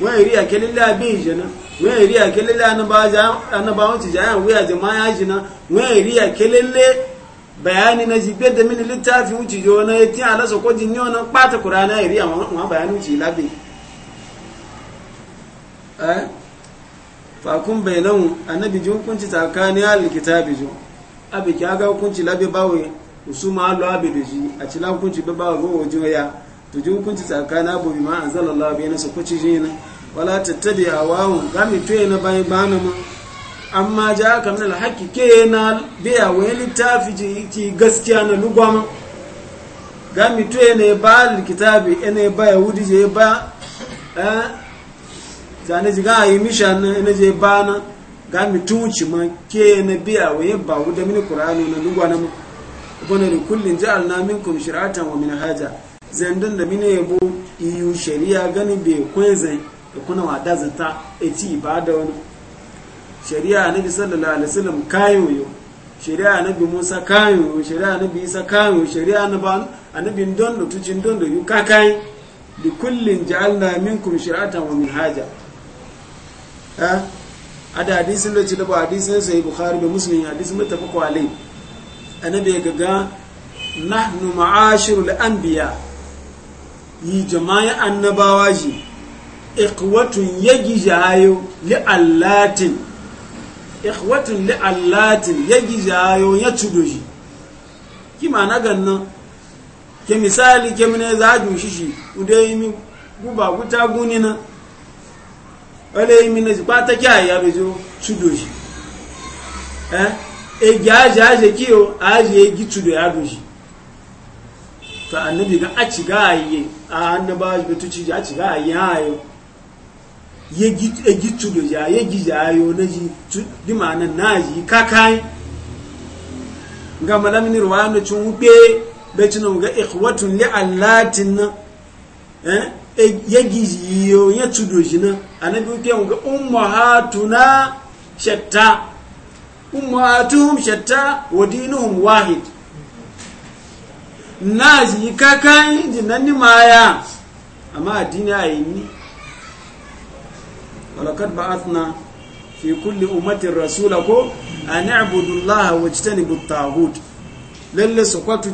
wa iri akeli a bai ja na wa iri akeli la annabawa ja annabawan ci ja ya jama'a ji na wa iri akeli le bayani na ji bai da mini littafi wuci jo na yati ala so ko jin yona pata qur'ani iri amma bayani wuci labi eh fa kun bainahu annabi ji hukunci tsakanin alkitabi jo abe ki aga hukunci labe bawe ma alu abin da shi a ci hukunci be bawe go wajin ya to ji hukunci tsakanin abu bi ma anzalallahu bi nasu kuci shi ne wala tattabi awawun gami to yana bayan bana ma amma ja ka min alhaqi ke na biya wani littafi ji gaskiya na lugwama gami to yana ba likitabi yana ba yahudi je ba eh zane ji ga yi mishan yana je bana ga ci ma ke na biya wa yin ba da mini qur'ani na lugwa na bana da kullun ja'alna minkum shir'atan wa minhaja zandan da mini yabo iyu e shari'a gani be kun zai da kuna wada zata eti ibada wani shari'a bi sallallahu alaihi wasallam kayo yo shari'a bi Musa kayo shari'a bi Isa kayo shari'a nabi annabi don da tujin don da yu kakai da kullun ja'alna minkum shir'atan wa minhaja ha ada hadisin da cilaba hadisin sai bukhari da muslim hadisin tafi alai annabi ga ga nahnu ma'ashirul anbiya yi jama'a annabawa ji ikwatun yaji jayo li allatin ikwatun li allatin yaji jayo ya tudo ji ki ma'ana ganna ke misali ke mun za a dushi shi udai mi guba guta na ọlẹ́ imi e e e na zikpa ataki àyà bezo tudoji ẹ́ egi aji aji kí o aji egi túdò ya doji ta annabi ga aci ga ayye a annaba aji betu ci aci ga egi tudo ya egi ya ayo na ji di ma'ana na ji kakai ga ikhwatun eh ya giziyo ya tudo shi nan ga ummahatuna shatta ummahatuhum shatta wa dinuhum wahid na ji kakan jinan ni maya amma addini a yi ni walakad ba'athna fi kulli ummatin rasula ko an a'budu allaha wajtanibu at-taghut lalle su kwatu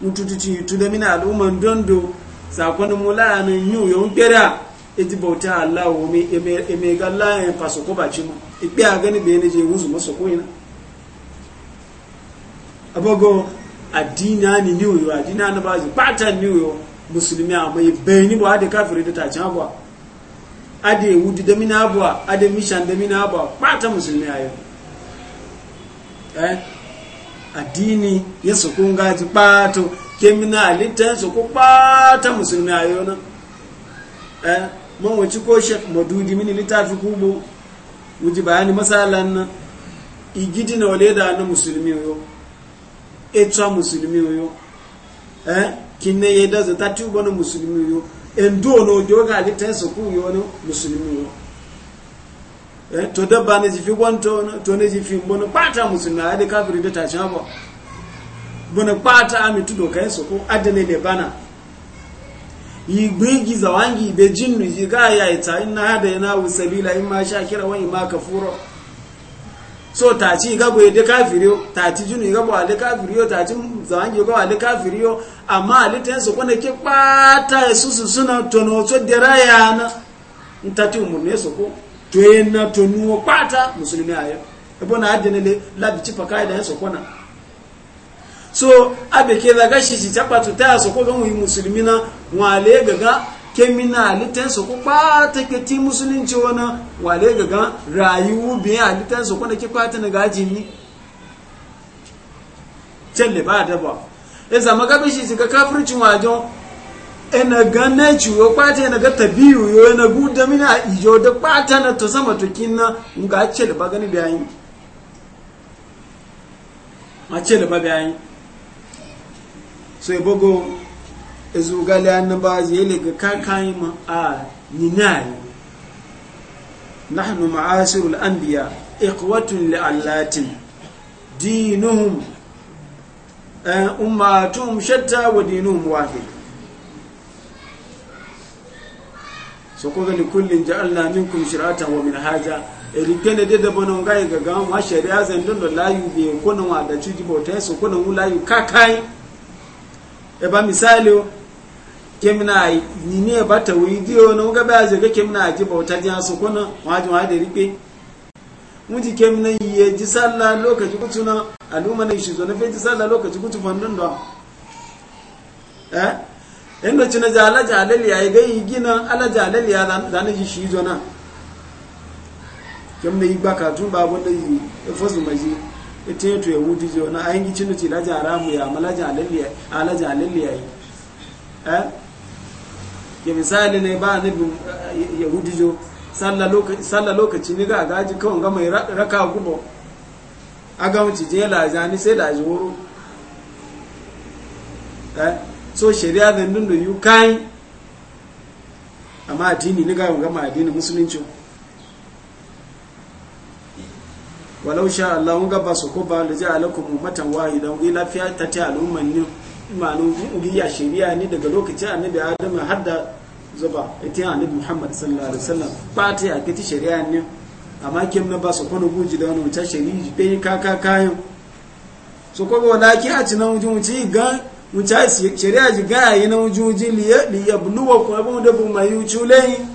mututu citu da mina al'umman dondo sakon mula min yu yon kera iti bauta Allah wo mi eme ga Allah paso ko baci mu ipe a gani be ne je wuzu maso ko ina abogo adina ni ni yo adina na baji pata ni yo musulmi a mai bayani ba da kafiri da ta can abwa ade wudu da mina abwa ade mishan da mina abwa pata musulmi ayo eh adini yesu kun pato kemina halittansu ko ɓata musulmi a yau nan eh ko shek madudi mini littafi kubo wuji bayani masalan nan igidi na wale da na musulmi yau etwa musulmi yau eh kinne ya da zata tuba na musulmi yau endo no joga halittansu ku yau na musulmi yau eh to dabba ne jifi gwanto to ne jifi mbono ɓata musulmi a yadda kafiri da tashin abuwa bana kpata ami tudo kai ko adane ne bana yigbigi zawangi be jinnu yiga ya ita inna hada yana usabila imma shakira wa imma kafuro so ta ci ga boye kafiriyo ta ci jinu ga bo ale kafiriyo ta ci zawangi ga ale kafiriyo amma aliten soko ne ke kpata yesu suna tono to deraya na ntati so soko to yana tonuo kpata musulmi ayo ebo adene le labi ci pakai da yesu kona so abe ke daga shi shi taba to ta so ko ga musulmi na wale gaga kemina alitan so ko pa ta ke ti musulmin musulunci wana wale gaga rayu bi alitan so ko na ke kwata na gaji ni telle ba da ba e za maga bi shi ga ci wajo ena gane ci wo pa ta ga tabiyu yo ena guda mina ijo da pa ta na to sama to kinna nga ce da ba gani bayani ma ce da ba bayani so ibogo ezugale annabazi yele ga kakayi ma a ninayi nahnu ma'asirul anbiya iqwatun li'allatin dinuhum ummatuhum shatta wa dinuhun wahid so ko ji allah min kun shirata wa min haja erikene de da bonon ga ga ga ma shari'a zan don layu be ko nan wa da cuji bautai so ko nan layu kakai eba misali kemna nini eba tawhidi ona uga baje ga kemna aji bauta jan su kuna waji waje rike muji kemna ye ji sallah lokaci kutu kutuna aluma ne shi zo na feji sallah lokaci kutu fandun da eh inda cina jala jalal ya ga yi gina ala alali ya zana ji shi zo na kemna yi baka tun babu da yi fosu maji ita ya to jo na ayin gici nuci laji haramu ya malaji alaji halalliya yi eh? ya misali ne ba ya wuti jo salla lokaci ni ga gaji kawai ga mai raka gubo a ga wuce je ni sai laji wuro eh? so shari'a da nuna yi kayan amma addini ni ga gama addini musulunci walau sha Allah ga ba su ko ba da matan alakum ummatan wahidan wi lafiya ta ta al'umman ni imanu ugiya shari'a ne daga lokacin annabi Adam har da zuba ita annabi Muhammad sallallahu alaihi wasallam ba ta ya kiti shari'a ne amma kin na ba su ko guji da wani ta shari'a bai ka ka kayan so ko wala ki a cinan wujin wuci ga wuci shari'a ji ga na wujin liya liya bluwa ko abun da bu mai wuculai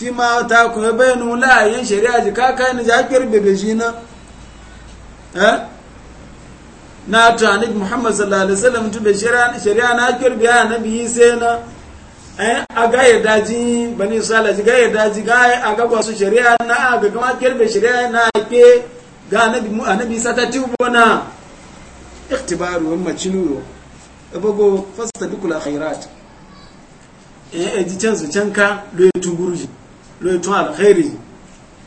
fi ma ta kuma bayanu la'ayin shari'a ji kaka ni jafiyar bebe eh? na na tuhanib muhammad sallallahu alaihi wasallam tube shari'a na hakiyar biya na biyi sai na a gaya daji bani sala ji gaya daji gaya a gaba su shari'a na a ga gama hakiyar bai shari'a na ke ga anabi sata tubo na iktibaru wani macinuyo e abago fasta dukula khairat eh, e ji can su can ka lo ya lo tun alkhairi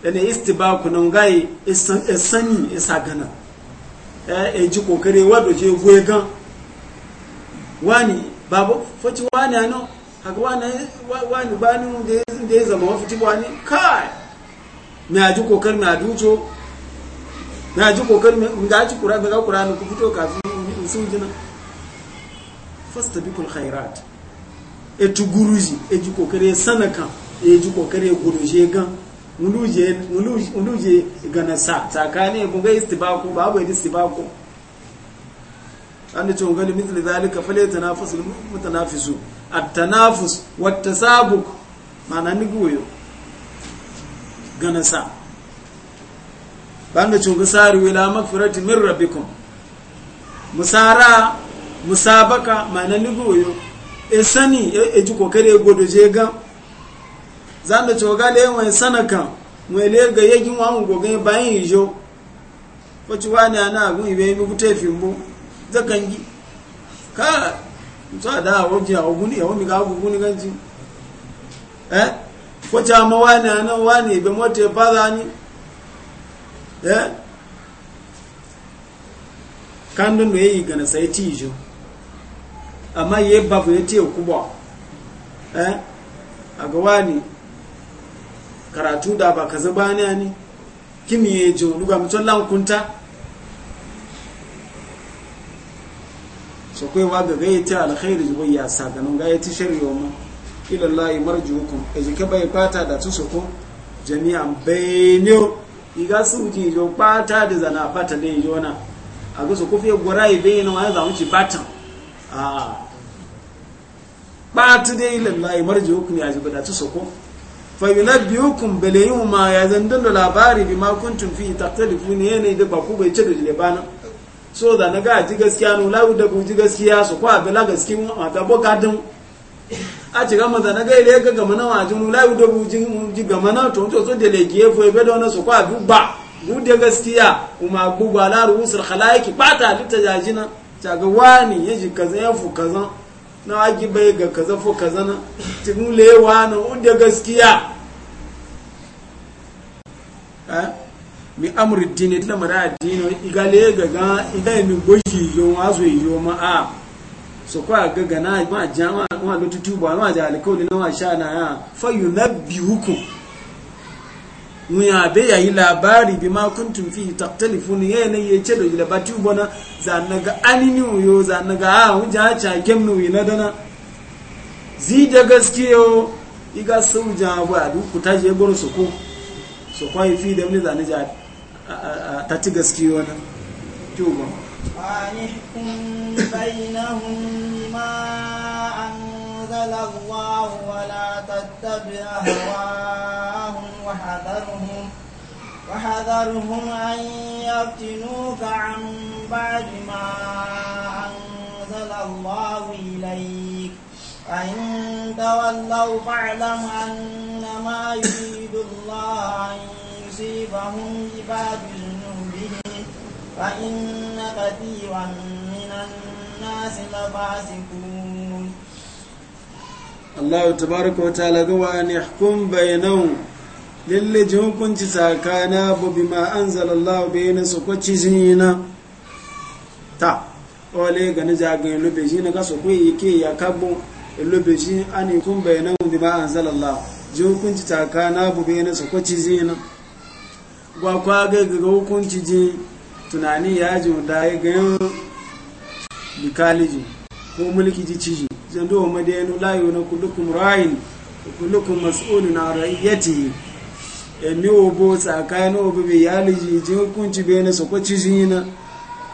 dane istibaku nan gai isan esani isa gana eh eji kokare wado je goye gan wani babu fati wani ano haka wani wani ni da ya zama mafiti wani kai na ji kokar na dujo na ji kokar ga ji kura ga kura ku fito kafin sun jina fastabiqul khairat etu guruji eji kokare sanakan ya ji kokari ya guduje gan muluje gana sa tsakani kun ga istibaku babu yadda istibaku an da cewa gani mitali zalika fale tanafus mutanafisu at tanafus wat tasabuk mana ni goyo gana sa ban da cewa sari wala magfirati min rabbikum musara musabaka mana ni goyo e sani e ji kokari ya godoje gan zanda da wagale gale wani sanaka mai le ga yakin wa mun gogan bayan yijo ko ci wani ana gun ibe mi bute fimbo zakan gi ka a da wajen ya ogun ya wani ga ogun ne ganji eh ko ta ma wani ana wani ya fara ni eh kandun da ya yi gana sai ti yijo amma yi babu ya te kubo eh a ga ne karatu da ba ka zaba ne kimi ya jo luga mutun lan kunta so kai wa ga gaye ta alkhairi jo ya sa ga nan gaye ta shari'o ma ila Allah marjuukum e jike bai fata da su soko jami'an bayne iga su ji jo fata da zana fata da jo na a ga su kufiye gwarai yi wa za mu ci fata a ah. ba ta dai lillahi marjuukum ya ji bada su soko fayunabbiukum balayu ma ya zandan da labari bi ma kuntum fi taqtalifu ne ne da ba ku bai ce da bana so da na ga ji gaskiya no lawu da ku ji gaskiya su kwa bela gaskiya ma ta boka din a ci gama da na ga ile ga gama na wajin no lawu da ku ji ji gama na to to so da legiye fo be da na su kwa bu ba bu da gaskiya kuma bu ba la rusul khalaiki ba ta litta jajina ta ga wani yaji kaza ya fu kaza na aji bai ga kaza fo kaza na tigun lewa na wanda gaskiya ha eh? mi amri dini tila mara dini igale ga ga idan mi goji yo so yo ma a so kwa ga ga na ma jama ma lututu ba ma jali ko ni na sha na ya fa yunabbihukum muya be yayi labari bi ma kuntum fi taqtalifun ya na ye ce da ila batu bona za na ga anini uyo za na ga ah, ha uja cha gem no na dana zi da gaskiyo iga sauja ba du ku taje goro su so kwai fi da mun za na ja ta ci yau na to ba أنزل الله ولا تتبع هواهم وحذرهم وحذرهم أن يفتنوك عن بعد ما أنزل الله إليك فإن تولوا فاعلم أنما يريد الله أن يصيبهم ببعض ذنوبهم فإن كثيرا من الناس لفاسقون Allah tabaraka wa ta'ala ga wa ne hukum bainahum lalle ji hukunci tsakana bu bima anzalallahu bayna su ko cizina ta ole ga ni jagin lube shi na ga su kuyi ke ya kabo lube shi an hukum bainahum bima anzalallahu ji hukunci tsakana bu bayna su ko cizina gwa kwa ga ga hukunci ji tunani ya ji da ga bikaliji ko mulki ji ciji zando wa madayanu layo na kullukum ra'in kullukum mas'ulun an ra'iyatihi emi obo tsakanin obo bai yaliji jin hukunci bai na sokwaci shi na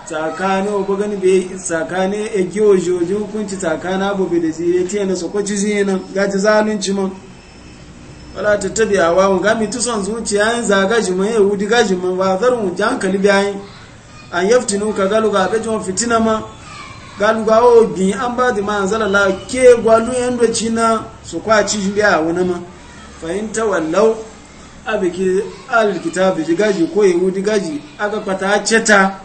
tsakanin obo gani bai tsakanin egiyojo jin hukunci tsakanin abu bai da zire tiya na sokwaci shi na gaji zalunci man wala ta tabi a wawon gami tuson zuciya yin zaga jiman yahudi gajima ba zarun jankali bayan an yaftinu ka galuga a gajin fitina ma galuga o bi an ba di man zala la ke gwalu yando china su kwa ci biya wani ma fahimta wallau abiki alkitabi digaji ko yewu digaji aka kwata ceta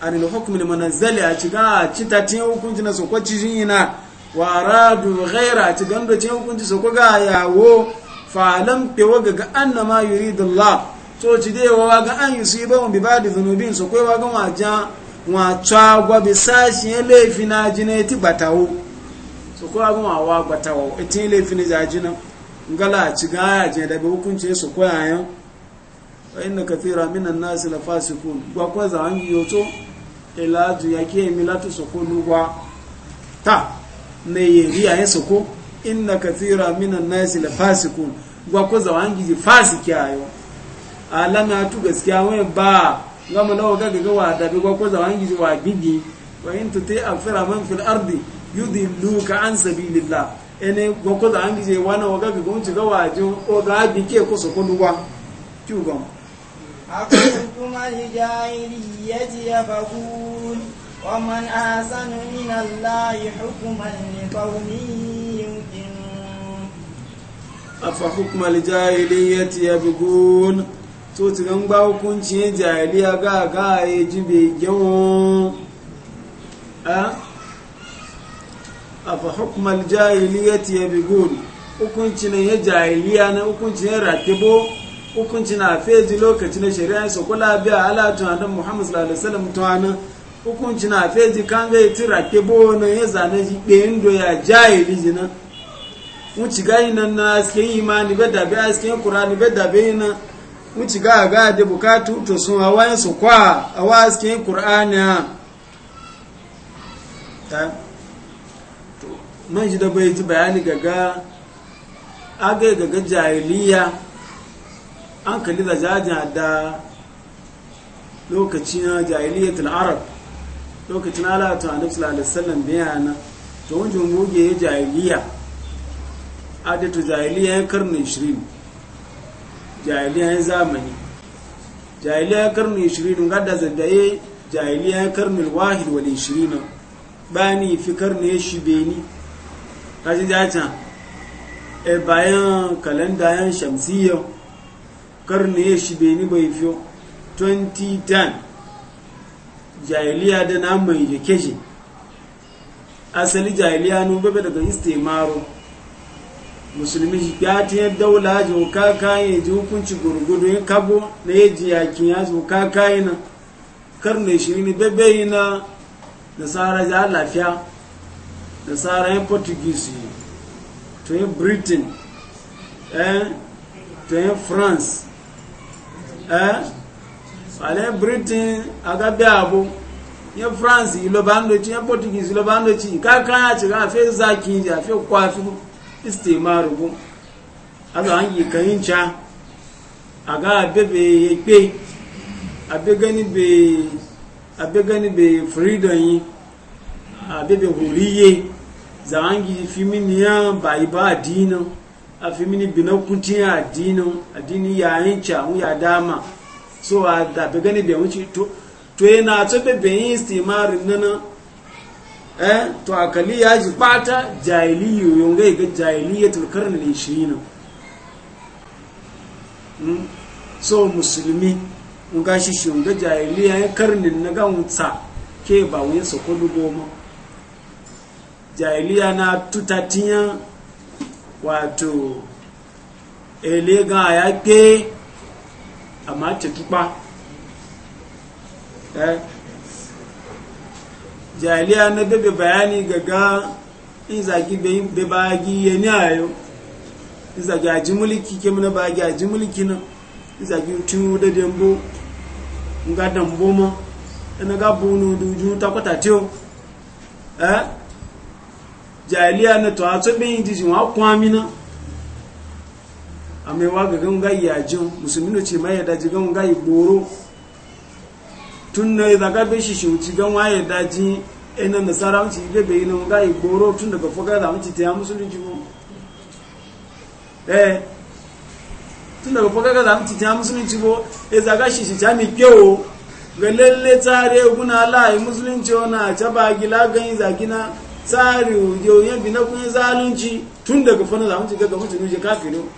anil hukm li manzali a ciga ta tin hukunci na su kwa ci na wa aradu ghaira ci gando tin hukunci su kwa ga yawo fa lam tewa ga annama yuridullah so ci dewa ga an yusibahu bi ba'di zanubin su kwa ga wajan wọn atwa agwabi sashi ya laifi na ajina ya ti gbatawo so ko abin awa gbatawo eti laifi na ajina ngala a ci gaya je da bai hukunce su koya na wa inna kathira minan nasi la fasikun gwa kwa za an yiwo to elaju ya ke mi latu su ko lugwa ta ne ye ri ayin su ko inna kathira na nasi la fasikun gwa kwa za an gizi fasiki ayo alama tu gaskiya wani ba gama mu nawa gaga ga wada bi ko za wangi wa gidi wa in tuti afira man fil ardi yudilluka an sabilillah ene go ko za wangi ji wana wa gaga go ga wajo o ga bi ke ko so ko duwa ki go أكنتم الجاهلية يبغون ومن أحسن من الله حكما لقوم يوقنون أفحكم so ti gan gba hukunci ya jahiliya ga ga ya ji begin a afa hukumar jahiliya ti ya bigun hukunci na ya jahiliya na hukunci ya ratibo hukunci na feji lokaci na shari'a su kula biya alatun adam muhammad sallallahu alaihi wasallam tuwanin hukunci na feji kan ga ti ratibo na ya zane ji ɗayin doya jahili jina wuci gayi nan na asken imani bai dabe asken kurani bai dabe na wuce ga ga da bukatu to sun hawayen su kwa a waskin ƙur'ani ta to man shi da bai ji bayani gaga aga gaga jahiliya an kalli da jajin da lokacin al arab lokacin alatu sallallahu alaihi wasallam bayana to wajen goge jahiliya adatu jahiliya ya karni 20 jahiliyar zamani jahiliyar karni 20 gada zaddaye jahiliyar karni wahid wal 20 bani fi karni shibeni kaji jacan e bayan kalanda yan shamsiyya karni shibeni bai fiyo 2010 jahiliyar da na mai yake asali jahiliyar nun daga istimaro musulmi ji kyatiye daula ji a kayan ji hukunci gurgudu ya kabo na ya ji yakin ya ji kayan na karni shirini yi na nasara ya lafiya nasara yan portuguese to britain eh to france eh ale britain agabe abu yan france ilo ba ndo ci portuguese ilo ba ndo kakan ya ci ga fe zaki a fe kwafi istimaru bu aza an yi kayin ca a ga abe be ekpe, abe gani be abe gani be freedom yi abe be huriye za an gi fimini ya ba iba adina a fimini bina kuti ya adina adini ya yin mu ya dama so a da be gani be wuce to yana to bebe be yin istimaru nana eh to akali ya ji bata jahiliyu yunga ga jahiliyatul karni al 20 hmm? so musulmi nga shi shunga jahiliya ya karnin na ga ganwuta ke ba wuya su kudu goma jahiliya na tutatiya wato elega ya ke a mace tupa eh jaliya na bebe bayani gaga in zaki be bagi ya ni ayo in zaki aji mulki ke muna bagi aji mulki na in zaki tun da dembo nga dambo ma ina ga bunu duju ta kwata tiyo eh jaliya na to ato be yin jijin wa kwami na ga gaga nga yaji musulmi no ce mai da jiga nga yi boro tun na zaga be shi shuci gan waye daji ina nasara mutu ga bai e, nan ga igboro tun daga foga da mutu ta musulunci mu eh tun daga foga ga mutu ta musulunci bo e zaga shi shi jami kyo ga lalle tare guna lai e musulunci ona ta ba gila gan zakina, tsari yau yan na kun zalunci tun daga fana da mutu ga mutu ne kafiru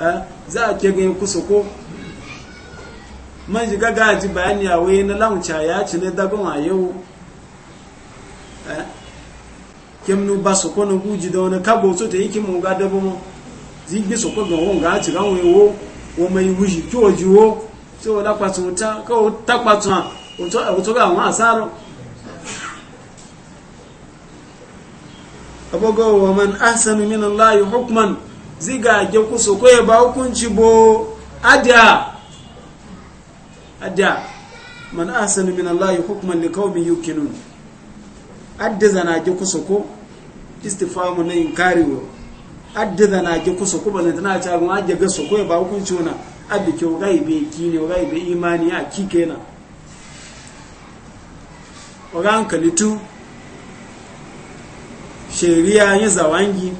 eh za a ke kusa ko man ji gaga ji bayani a wai na launca ya ci ne dagon a yau eh? kim nu ba su na guji da wani kabo so ta yi kim mu ga dabo mu zigi su ko gawon ga ci ga wai wo wo mai wuji ki o ji wo so wala kwatun ta ko ta kwatun a o to ga won asaro abogo wa man ahsanu min allahi hukman ziga ge ku so ko ya ba hukunci bo adia adda man ahsanu min Allah hukman liqaumin yuqinun adda zana ji kusa ko istifamu na inkari wo adda zana ji kusa ko balan tana ta mun ajja ga so ko ba hukunci wana adda ke gai be kine gai be imani a kikena wagan kalitu shari'a ya zawangi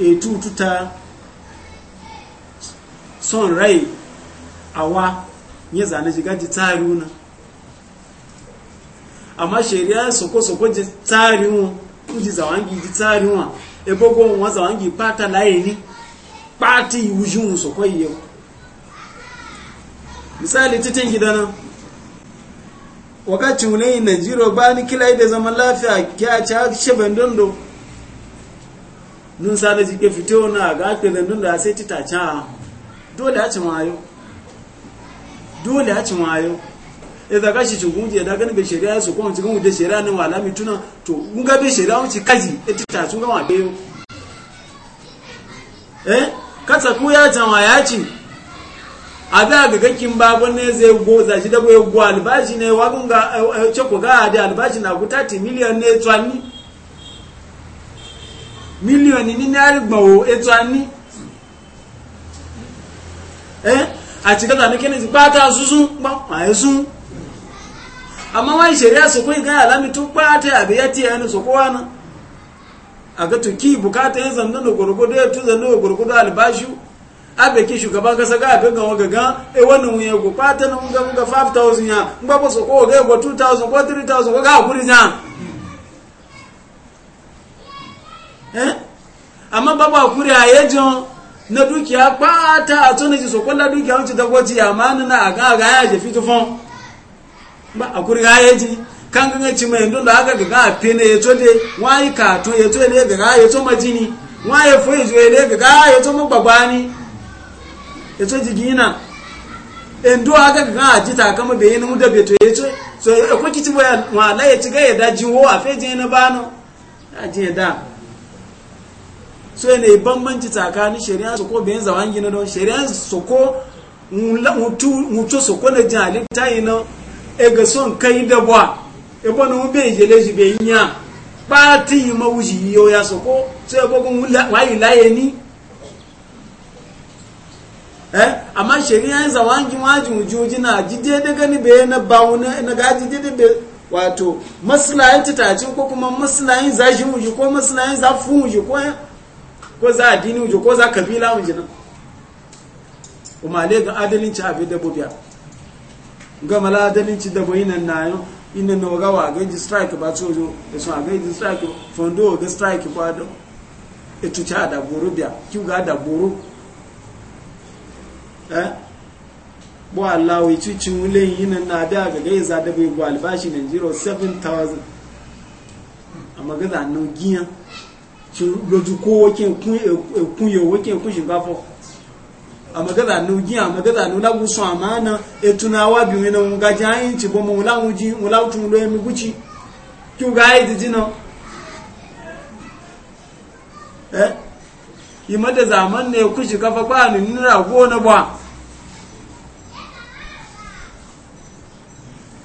e tututa son rai awa ya zane shiga ji tsari wuna amma shari'a soko-soko ji tsari wun ji zawangi ji tsari wun ebe gowon wa zawangi pata laye ni pati wujin wun soko yi yau misali titin gida nan wakacin wune yi najiro ba ni kila da zaman lafiya kya ci haka sheben dondo nun sa da jike fito na ga ake da sai tita can dole a ci mayo dole a cin wayo idan ka shi cikin je da ganin bai shari'a su kuma cikin wuje shari'a na wala mi tuna to mun ga bai shari'a wuce kaji ya e ci tun gama bayo eh kasa ku ya jama ya ci a da ga gakin babon ne zai goza shi dabo ya go albashi ne wa gunga e, e, ce ko ga da albashi na ku 30 miliyan ne tsani miliyan ni ni na rigbawo e tsani eh àti kọ́ta ní kíni ti pátá pàpà amma wani shari'a su gaya lami tun ya abu ya tiya ni su kowa nan a ga bukata yin zanda da ya tun zanda da gurgudu abe ki shugaban kasa ga gaggan wa e wannan wuya ku na muga muga ya in ba ga ga 2000 ko 3000 ko na dukiya pata a tona ji sokon la dukiya wancin ta gwaji ya ma na aga aga ya je fito fon ba a kuri ga ya ji kan ganga ci mai ndo da aka ga ga pene ya tole wai ka to ya tole ga ga ya to majini wai ya foi zo ya ga ga ya to mababani ya to jigina endo aka ga ga ji ta kama be yin mu da be to ya to so ko kici wa la ya ci ga ya da jiwo a feje na bano a je da so ne banbanci tsakanin shari'a soko bayan zawangi gina don shari'a soko mutu soko na jin halitta yi na ega son kai da bwa ebo na mube ijele shi bai nya ba ti yi mawuji yiyo ya soko so ya gogon wayi laye ni eh amma shari'a waji wuji wuji na jide da gani bayan na bawo na gaji jide bai wato maslahin titacin ko kuma maslahin zashi wuji ko maslahin zafin wuji ko ko za addini wuce ko za kabila wuce nan kuma le ga adalinci abin da bobiya ga mala adalinci da bai nan na yau inda na waga wa gaji strike ba ci ojo da su a gaji strike fondo ga strike ba da ito a da biya kiw ga da boro eh bo allawo wai ci cin wule yin na da ga gai za da bai go albashi Nigeria 7000 a ga da giyan lójú kó wókín kún yóò wókín kún ṣìgbáfọ́ àmọ́gẹ́dànú jí àmọ́gẹ́dànú lágúsùn àmáàna ètùnà awábìnrin náà ń gajá yìí ti bọ́mọ láwùtún ló ẹmí gúchí kí ó gáyé títí náà ẹ́ ìmọ́dẹ̀ zaman ne kún ṣìgbáfọ́ pàánù nínúra kó na bọ́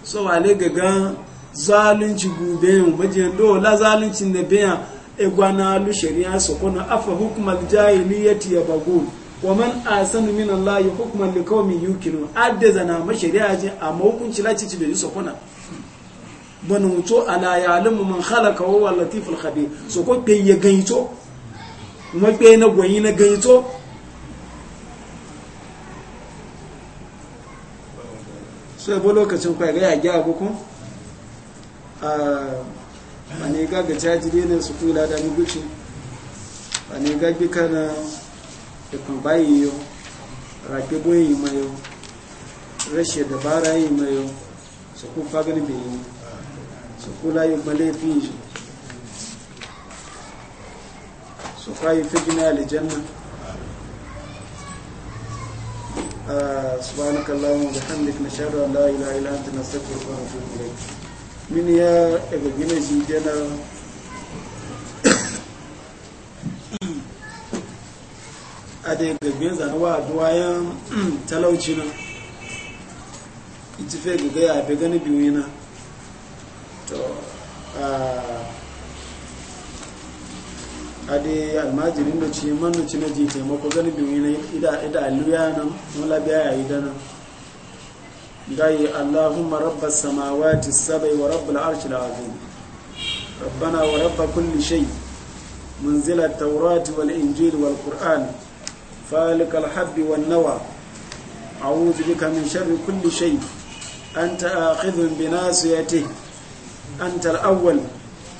sọ wà lé gẹ̀gán zalunci gube yin wajen dole zalunci na biyan egwana lu shari'a su kuna afa hukumar jahiliyyati ya bago wa man asanu min Allah ya hukumar da kawai yukinu adda zana ma shari'a ji a mahukunci cila ci bai su kuna bana wuto ala ya alimu man halaka wa wa latiful khabi so ko pe ya ganito kuma pe na gwayi na ganito so ya bo lokacin kwa ga ya gya ne ga caji ne su tula da mu guci bane ga bi kana da kun bayi yo rake boyi mayo rashe bara yi mayo su ku fagan bi yi su kula yi bale fi yi su fayi fi gina aljanna سبحانك اللهم وبحمدك نشهد ان لا اله الا انت نستغفرك ونتوب اليك mini ya daga gina shi yana a da gaggin zanawa duwayen talauci na, ita fe gaga ya fi gani biyu na, to a da almajirin da ce man da ci na ji taimako gani biyu na, ida aluya nan wala biya ya yi da nan gaye Allahumma rabbas samawati sabai wa rabbul arshil azim rabbana wa rabb kulli shay munzila at-taurati wal injil wal qur'an falik al-habbi wan nawa a'udhu bika min sharri kulli shay anta akhidhun bi nasiyatihi anta al-awwal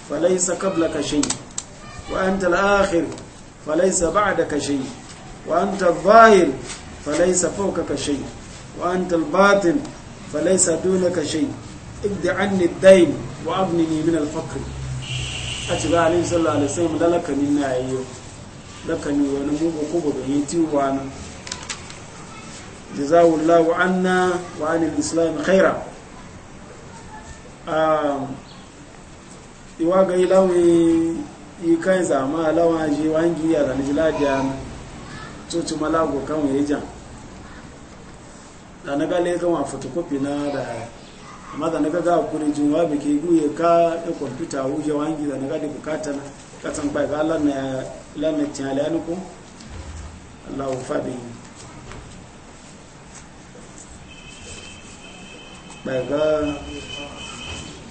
falaysa qablaka shay wa anta al-akhir falaysa ba'daka shay wa anta adh-dhahir falaysa fawkaka shay wa anta al-batin falaisa dunaka shay ibda anni dain wa abnini min al-faqr a ci ga alayhi sallallahu alaihi da lakani na yayo lakani wani mugu kubo da yi tiwa na jazawullahu anna wa anil islam khaira um iwa ga ilawi yi kai zama lawaji wangi ya zanjila da to tumala go kan yajan da na ga lega wa photocopy na da amma da na ga ga kuri jin wa bike guye ka e computer uje wangi da na ga da bukata na ka san bai ga Allah na la na tiale an ku Allah wa fabi bai ga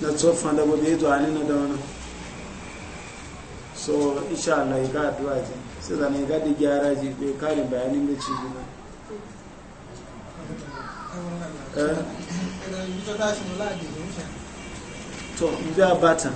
na tsofa da bobe to ani na da wannan so insha Allah ga addu'a ji sai da ne ga da gyara ji bai kare bayanin da ci gaba to ibi abatan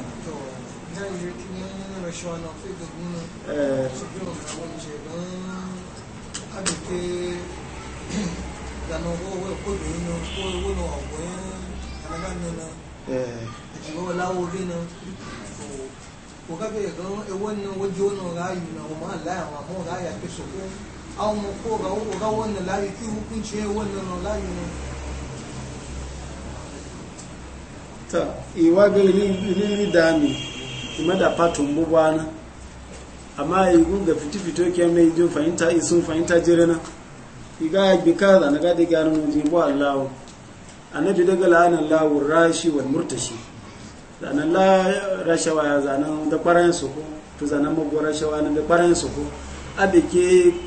ọ̀gá bẹ̀rẹ̀ gan ewé ní an mu ko ga ko ga wannan layi ki hukunci ya wannan ne ta iwa ga lili dami kuma da fatun bubana amma yi ga fiti-fito ke mai jin fahimta isun fahimta jirina iga ya bi kaza na gadi gani mu jibo allahu annabi daga la'anan lawun rashi wal murtashi zanen la rashawa ya zanen da kwarayen su ko to zanen magwar rashawa na da kwarayen su ko abe ke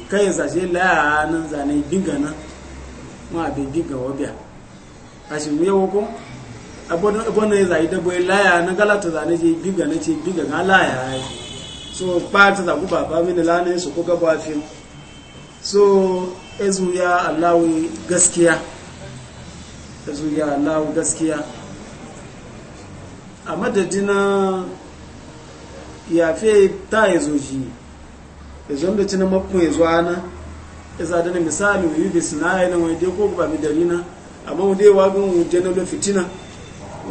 kai sashe laya zane giga nan ma abe giga wabia a shi mu yawo ko abona ya zai dabo laya na galata zane ce giga na ce giga na laya ya yi. so ba ta ba baba mini lana su ko gaba fim so ezu ya allawi gaskiya ezu ya allawi gaskiya a madadina ya fi ta ezo shi ezon da cina mafi mai zuwa na iza da misali yi da sinayi na wani ko ba mi dari na amma wani wagin wuje na lo fitina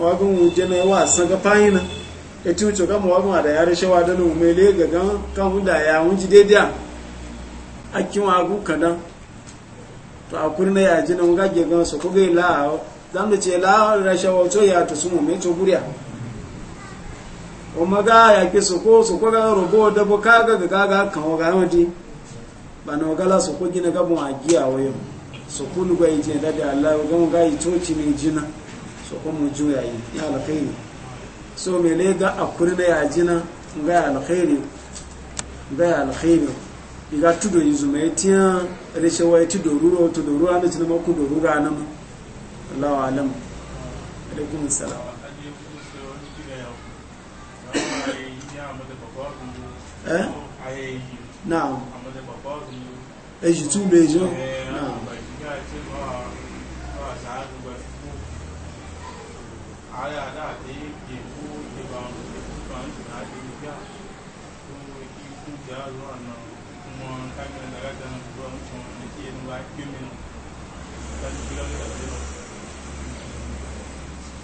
wagin wuje na yawa san ga na ya ci wuce kama wagin da ya rashe wa da nan mai ga gan kan wunda ya wunji daidai a kin wagu kadan to a kuri na yaji na wunga ge gan su ko ga la zan da ce la rashe wa to ya to su mu mai to guriya o maga ya ke soko soko ga rubo da bo kaga ga gaga kan o ga wadi bana o gala ko gina gabon mu agiya wayo soko nu ga yije da da Allah ga mu ga yi toci ne jina ko mu juya yi ya alkhairi so me le ga akuri na ya jina ga alkhairi ga alkhairi iga tudo yizuma etia reshewa eti doruro to doruro ana cinema ku doruro allah wa e alam alaikum salam eh now èyí tún bẹ jọ now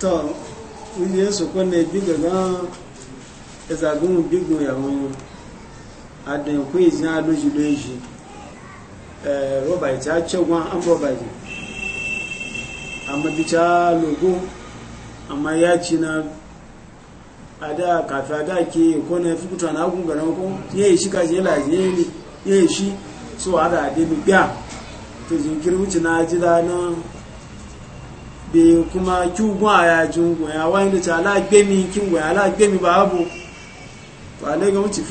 tọ́ ilé ẹ̀sùn pẹ́lẹ̀ gbígbẹ̀gán ẹ̀sàgún gbígbò ìyàwó wọn adan kuyi zina loji loji eh, roba ita ce gwan an roba ji amma bica logo amma ya ci na ada kafi ada ke ko na fi kuta na agun garan ko ye shi ka je la je ye shi so ada de mi gba to jin kirwuci na ji da na be kuma kyugun a yajin gwa wani da ta ala gbemi kin gwa ala gbemi babu to ale ga wuce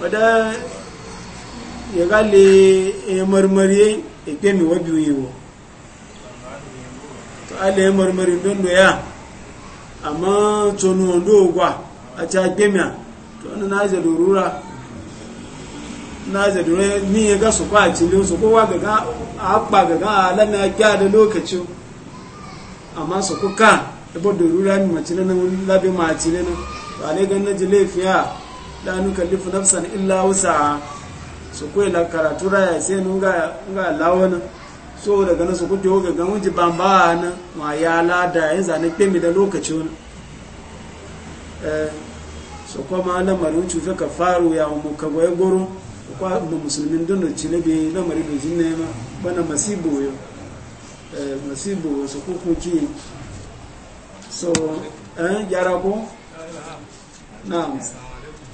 wadda ya gale ya marmari ya ke mi wabi yiwu to ala ya marmari don ya amma tonu wando gwa a ta gemiya to wani na aje durura na aje durura ni ya ga su kwa a cilin su kowa gaga a haɓa gaga a halana gya da lokaci amma su kuka ya ba durura ni macile na labe macile na ba ne gan na ji laifiya la nukallifu nafsan illa wusaha su koyi la karatu raya sai nun ga ga lawon so daga nan su kuke ga ga mun ji bamba na ma ya lada yin zane kemi da lokaci wani eh so kuma lamarin cufe ka faru ya mu ka goye goro ko mu musulmin dun ci ne na mari da jinne ma bana masibo yo eh masibo so ku ku ji so eh yara ko na'am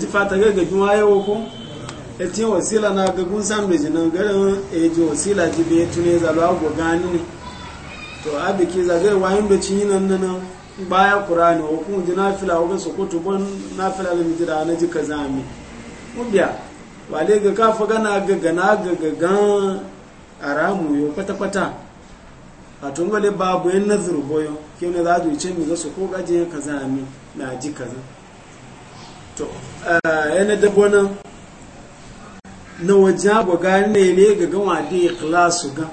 ji fata gargajin wayewa ko ya ce wasila na gagun samun jinan garin ya ji wasila ji bai tune zalo agwo gani ne to a biki zagaye wayan da cinyi nan nan baya kurani wa kuma ji nafila wa su kutu bon nafila da mijira na ji ka zami mubiya wale ga kafa gana gan a ramu yo kwata-kwata a tun wale babu yin nazar boyo kiyo na za a yi ce mi za su ko gajiyar ka zami na ji ka zami to yana dabo nan na wajen gwaga na ile ga gama da ikhlasu ga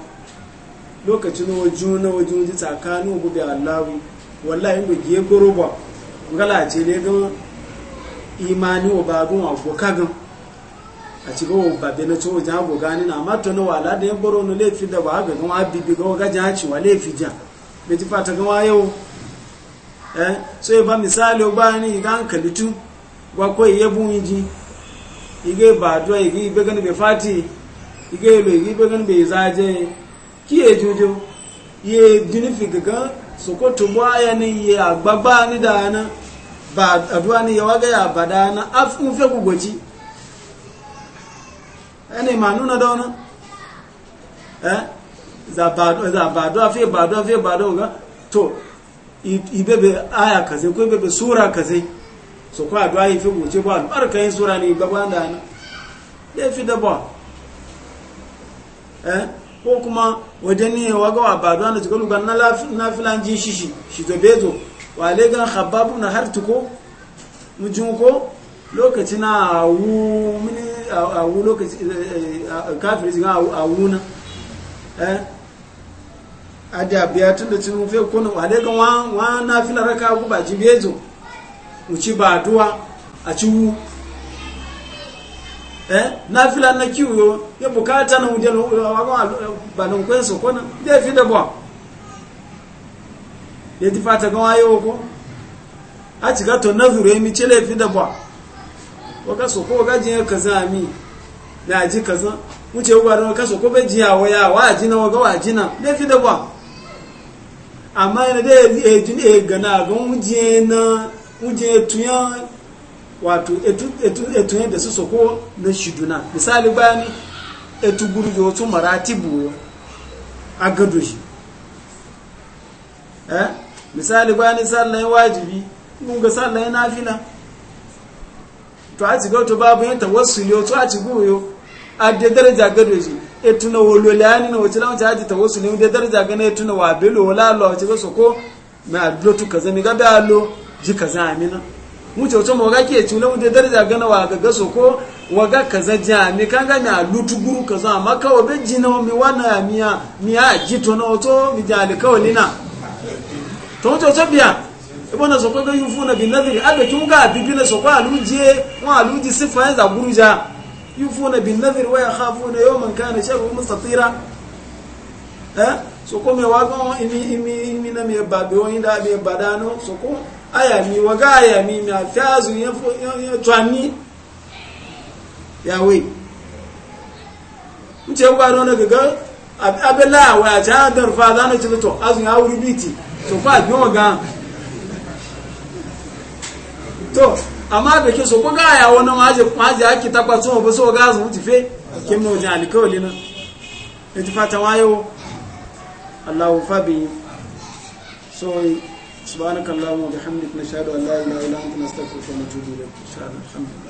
lokaci na wajen na wajen ji tsakanin gobe allawi yin inda ya goro ba ngala ce ne gama imani wa babin wa goka gan a ci gawa babbe na cin wajen gwaga ne na mato na wala da ya goro na laifi da ba ga gama bibi ga gajen haci wa laifi jan bai ti fata gama yau eh so ya ba misali ba ni ga hankali tun wako iye bunji ige badwa ige ibegani be fati ige lo ige ibegani be zaje ki ejojo ye dini figaga soko tubwa ya ni ye agbagba ni dana ba adwa ni yawaga ya badana af unfe kugochi ene manuna dona eh za badwa za badwa fi badwa fi badwa ga to ibebe aya kaze ko ibebe sura kaze so kwa adwa yi fi goce ba sura ne da na fi da ba eh ko kuma wajen ne wa gawa ba adwa na jigalu ga na filan ji shi to bezo gan na har tuko ko lokaci na awu mini awu lokaci eh, eh, eh, kafiri zin awu na eh tun da cin fe kunu gan wa na filan raka ku ba ji bezo uci ba duwa a ciwu eh na fila na kiwo ya bukata na mujal ba nan kwen so kona da fi da ba ya ti fata ga wayo ko a ci gato na zure mi ce laifi da ba waka so ko ga jin ka za mi na ji kaza wuce ba da ka so ko be ji awo ya wa ji na waga wa ji na laifi da ba amma yana da ya ji ne gana ga mu je na wuje etuya wato etuya da su soko na shiduna misali bayani etu guru da wasu maratibu a gado shi eh misali bayani sallayin wajibi ga sallayin nafila to a ci gautu babu yin tawassuli to a ci goyo a da daraja gado shi e tuna wolo lani na wacce lamunci haji tawassuli da daraja gane tuna wa belo wala lo a ci gautu ko mai adilo tuka zami gabe alo ji kaza amina mu ce wato mawaga ke ci mu mutu daraja gana wa gaga so ko waga kaza jami kan gani a lutu guru kaza amma kawo bai ji na mi wana miya miya ji to na wato mi jali kawo nina to mutu wato biya ibona so ko ga yufu na bin nadiri aga kin ga bibila so ko aluje wa aluji sifa ya za guruja yufu na bin nadiri wa yakhafuna yawman kana sharru mustatira eh so ko me wagon imi imi imi na me babe wani da be badano so ko Aya mi, waga aya mi mi. afiazu yatwani yawe mce gwaro na gaga abela wa ta dar fa da na ci azu azun ya wuri biti to fa bi waga to amma be ke so ko ga ya wani ma maje aki takwa so ba so ga azun tife kim no jan alkawli na e ita fata wayo Allah fa bi so سبحانك اللهم وبحمدك نشهد ان لا اله الا انت نستغفرك ونتوب اليك ان شاء الله الحمد لله